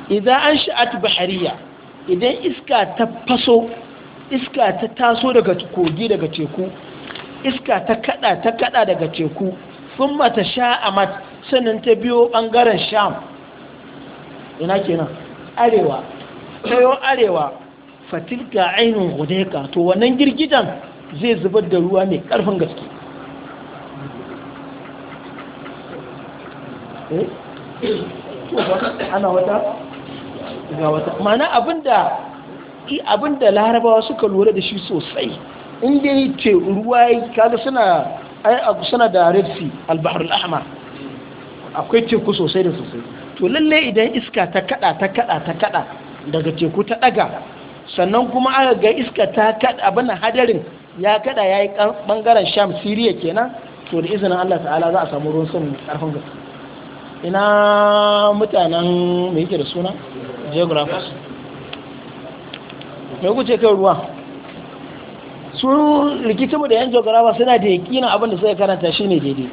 idan an sha'at bahariya idan iska ta faso iska ta taso daga kogi daga teku iska ta kada ta kada daga teku sun mata sha'amat sannan ta biyo bangaren sham ina kenan arewa tayo arewa fatilka ainihin hudeka to wannan girgidan zai zubar da ruwa mai karfin gaske eh? ana wata ga wata mana abinda abinda larabawa suka lura da shi sosai inda yi ce ruwa kaga suna ai suna da red sea al akwai teku sosai da sosai to lalle idan iska ta kada ta kada ta kada daga teku ta daga sannan kuma aka ga iska ta kada abin hadarin ya kada yayi bangaren sham siriya kenan to da izinin Allah ta'ala za a samu ruwan sama karfin gaske ina mutanen me yake da suna geographers me kuce kan ruwa su mu da yan geographers suna da na abin da suka karanta shine daidai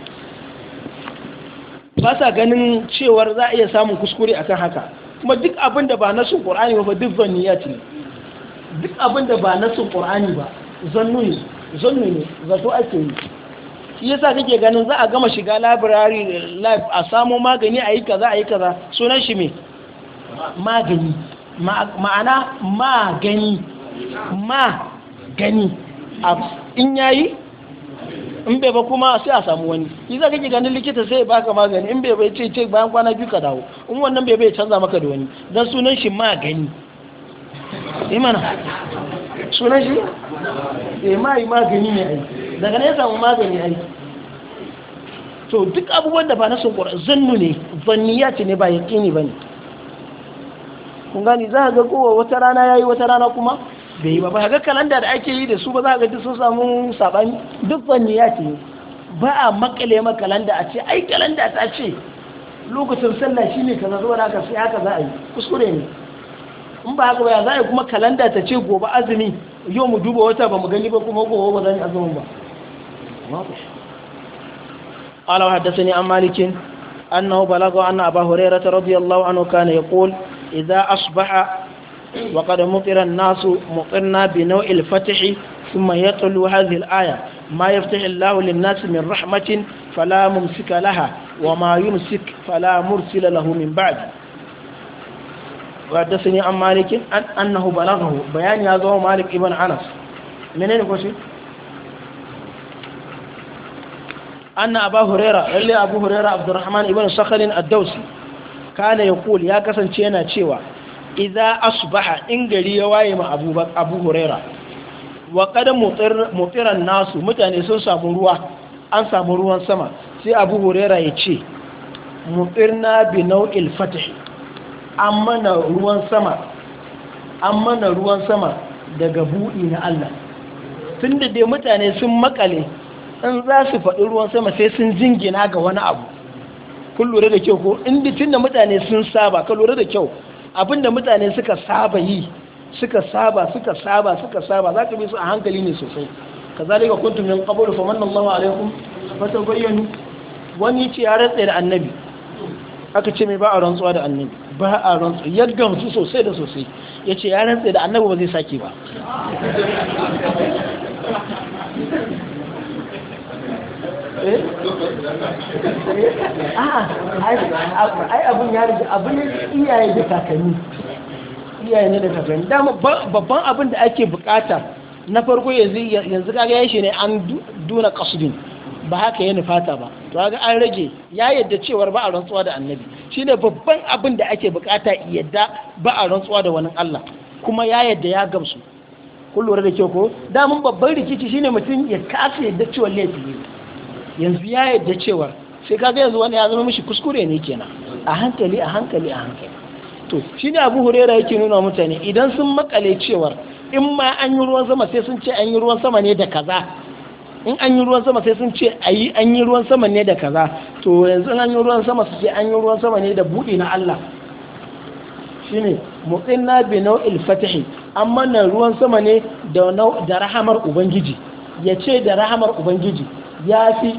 ba sa ganin cewar za a iya samun kuskure akan haka kuma duk abin da ba nasin ƙorani ba duk zan zanniyat ce duk abin da ba nasin ƙorani ba zannu ne zannu ne su ake yi shi yasa kake ganin za a gama shiga labirari life a samu magani a yi kaza a yi kaza sunan shi me magani ma'ana magani ma gani in yayi in bai ba kuma sai a samu wani shi zaka ka ji ganin likita sai baka magani in bai bai ce ce bayan kwana biyu ka dawo in wannan bai bai canza maka da wani dan sunan shi magani imana eh sunan shi eh mai magani ne ai daga ne samu magani ai to duk abubuwan da ba na sun ƙura zannu ne zanniya ce ne ba yaqini ba ne kun gani za ga kowa wata rana ya yi wata rana kuma bai yi ba ba ga kalanda da ake yi da su ba za ga gaji sun samu sabani duk fanni ya ce ba a makale ma kalanda a ce ai kalanda ta ce lokacin sallah shine kaza zuwa da aka sai haka za a yi kuskure ne in ba haka ba za a yi kuma kalanda ta ce gobe azumi yau mu duba wata ba mu gani ba kuma gobe ba zan yi azumin ba قال وحدثني عن مالك أنه بلغ أن أبا هريرة رضي الله عنه كان يقول إذا أصبح وقد مطر الناس مطرنا بنوع الفتح ثم يطلو هذه الآية ما يفتح الله للناس من رحمة فلا ممسك لها وما يمسك فلا مرسل له من بعد وحدثني عن مالك أن أنه بلغه بيان هذا مالك ابن أنس من أين كوشي؟ أن أبا هريرة اللي أبو هريرة عبد الرحمن ابن صخر الدوسي كان يقول يا كسن تشينا تشيوا idza asbaha in gari ya waye ma abu abu huraira wa kada mutiran nasu mutane sun samu ruwa an samu ruwan sama sai abu huraira ya ce mutirna bi nau'il fatih an mana ruwan sama an mana ruwan sama daga buɗi na Allah tun da dai mutane sun makale in za su faɗi ruwan sama sai sun jingina ga wani abu kun lura da kyau ko inda tun da mutane sun saba ka lura da kyau abinda mutane suka saba yi suka saba suka saba suka saba za ka bi su a hankali ne sosai ka zalika kuntum min qablu fa manna Allahu alaikum fa bayyanu wani ce ya rantsa da annabi aka ce mai ba a rantsuwa da annabi ba a rantsu. ya gamsu sosai da sosai ya ce ya rantsa da annabi ba zai sake ba Eh? ai abin ya rage abin iyaye da kakanni iyaye ne da kakanni dama babban abin da ake bukata na farko yanzu kaga ya shi ne an duna kasudin ba haka yana fata ba to ga an rage ya yadda cewar ba a rantsuwa da annabi shine babban abin da ake bukata yadda ba a rantsuwa da wani Allah kuma ya yadda ya gamsu kun lura da kyau ko damun babban rikici shine mutum ya kasa yadda cewa laifi ne yanzu ya yadda cewa sai kaga yanzu wani ya zama mishi kuskure ne kenan a hankali a hankali a hankali to shine abu hurera yake nuna mutane idan sun makale cewar in ma an yi ruwan sama sai sun ce an yi ruwan sama ne da kaza in an yi ruwan sama sai sun ce ayi an yi ruwan sama ne da kaza to yanzu an yi ruwan sama su ce an yi ruwan sama ne da buɗe na Allah shine muqinna bi naw'il fatihi amma nan ruwan sama ne da da rahamar ubangiji ya ce da rahamar ubangiji ya fi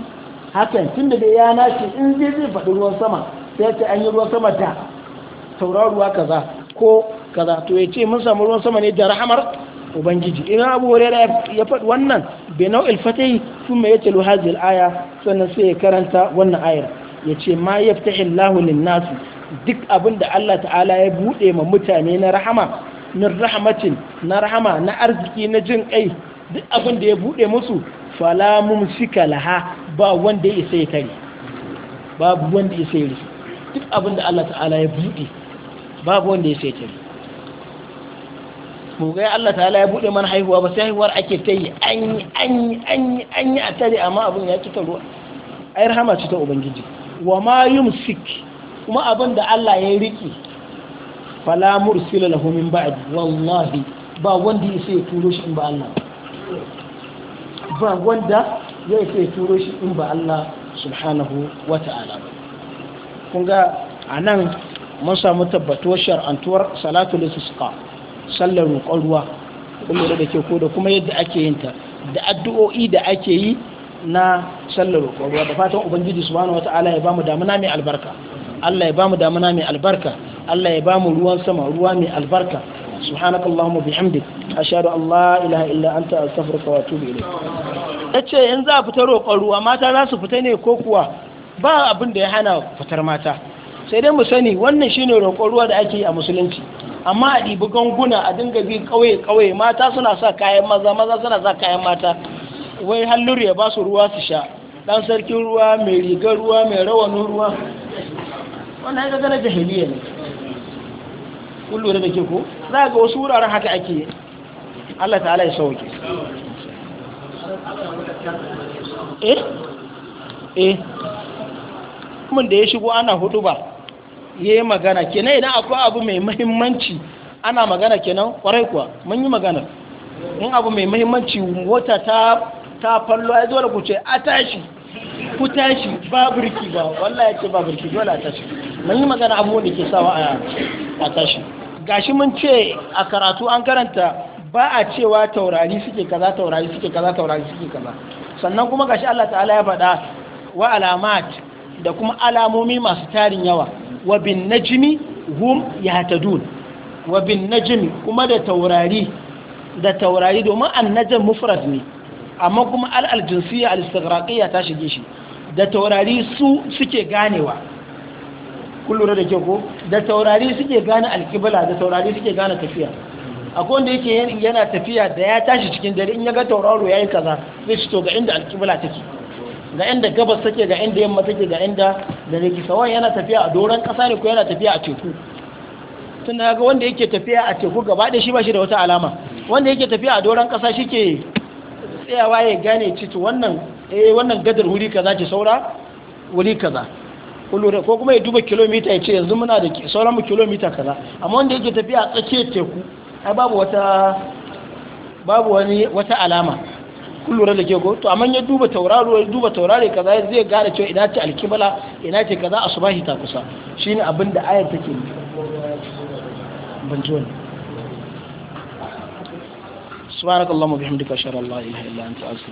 hakan tun da dai ya nace in zai zai faɗi ruwan sama sai ce an yi ruwan sama da tauraruwa kaza ko kaza to ya ce mun samu ruwan sama ne da rahamar ubangiji Ina abu wuri ya faɗi wannan bai nau'il fatahi sun mai yace luhazil aya sannan sai ya karanta wannan ayar ya ce ma ya fitahi lahulin nasu duk abin da Allah ta'ala ya buɗe ma mutane na rahama min rahmatin na rahama na arziki na jin kai duk abin da ya buɗe musu fala mumsika laha ba wanda ya isa ya kare babu wanda ya isa ya rufe duk abin da Allah ta'ala ya buɗe babu wanda ya isa ya kare kogai Allah ta'ala ya buɗe mana haihuwa ba sai haihuwar ake ta yi an yi a tare amma abin ya cika ruwa ai rahama ce ta ubangiji wa ma yumsik kuma abin da Allah ya riƙe. fala mursila lahu min ba'd wallahi ba wanda ya sai turo shi in ba Allah ba wanda yau sai turo shi in ba Allah subhanahu wa ta'ala ba kun ga a nan mun samu tabbatuwar shar'antuwar salatu lissuka sallar roƙon ruwa kuma da ke ko kuma yadda ake yin ta da addu'o'i da ake yi na sallar roƙon ruwa da fatan ubangiji subhanahu wa ta'ala ya bamu damuna mai albarka Allah ya bamu damuna mai albarka Allah ya bamu ruwan sama ruwa mai albarka سبحانك اللهم وبحمدك اشهد ان لا اله الا انت استغفرك واتوب اليك ilayk in za a fita roƙon ruwa mata za su fita ne ko kuwa ba abin da ya hana fitar mata sai dai mu sani wannan shine roƙon ruwa da ake yi a musulunci amma a ɗibi ganguna a dinga bi ƙauye-ƙauye mata suna sa kayan maza maza suna sa kayan mata wai hallur ya ba su ruwa su sha ɗan sarkin ruwa mai rigar ruwa mai rawanin ruwa wannan ga gagana jahiliya ne kullu da ke ko za ga wasu wuraren haka ake Allah ta'ala ya sauke eh eh mun da ya shigo ana hudu ba yi magana kenan idan akwai abu mai muhimmanci ana magana kenan kwarai kuwa mun yi magana in abu mai muhimmanci wata ta ta fallo ya dole ku ce a tashi ku tashi baburki ba wallahi ya ce baburki dole a tashi mun yi magana abu da ke sawa a tashi gashi mun ce a karatu an karanta ba a cewa taurari suke kaza taurari suke kaza taurari suke kaza sannan kuma gashi Allah ta'ala ya faɗa wa alamat da kuma alamomi masu tarin yawa wa bin najmi hum yahtadun wa bin najmi kuma da taurari da taurari domin annajm mufrad ne amma kuma al aljinsiyya al istighraqiyya ta shige shi da taurari su suke ganewa kun lura da ke ko da taurari suke gane alkibla da taurari suke gane tafiya akwai wanda yake yana tafiya da ya tashi cikin dare in ya ga tauraro ya yi kaza zai ci to ga inda alkibla take ga inda gabas take ga inda yamma take ga inda da yake sawan yana tafiya a doron kasa ne ko yana tafiya a teku tun da ga wanda yake tafiya a teku gaba da shi ba shi da wata alama wanda yake tafiya a doron kasa shi ke tsayawa ya gane ci to wannan eh wannan gadar wuri kaza ce saura wuri kaza kullure ko kuma ya duba kilomita ya ce yanzu muna da sauran mu kilomita kaza amma wanda yake tafiya a tsakiyar teku ai babu wata babu wani wata alama kullure da ke ko to amma ya duba tauraro ya duba taurare kaza zai gane cewa ina ce alkibala ina ce kaza a subahi ta kusa shine abin da ayar take nufi ban ji wani سبحانك اللهم وبحمدك اشهد ان لا اله الا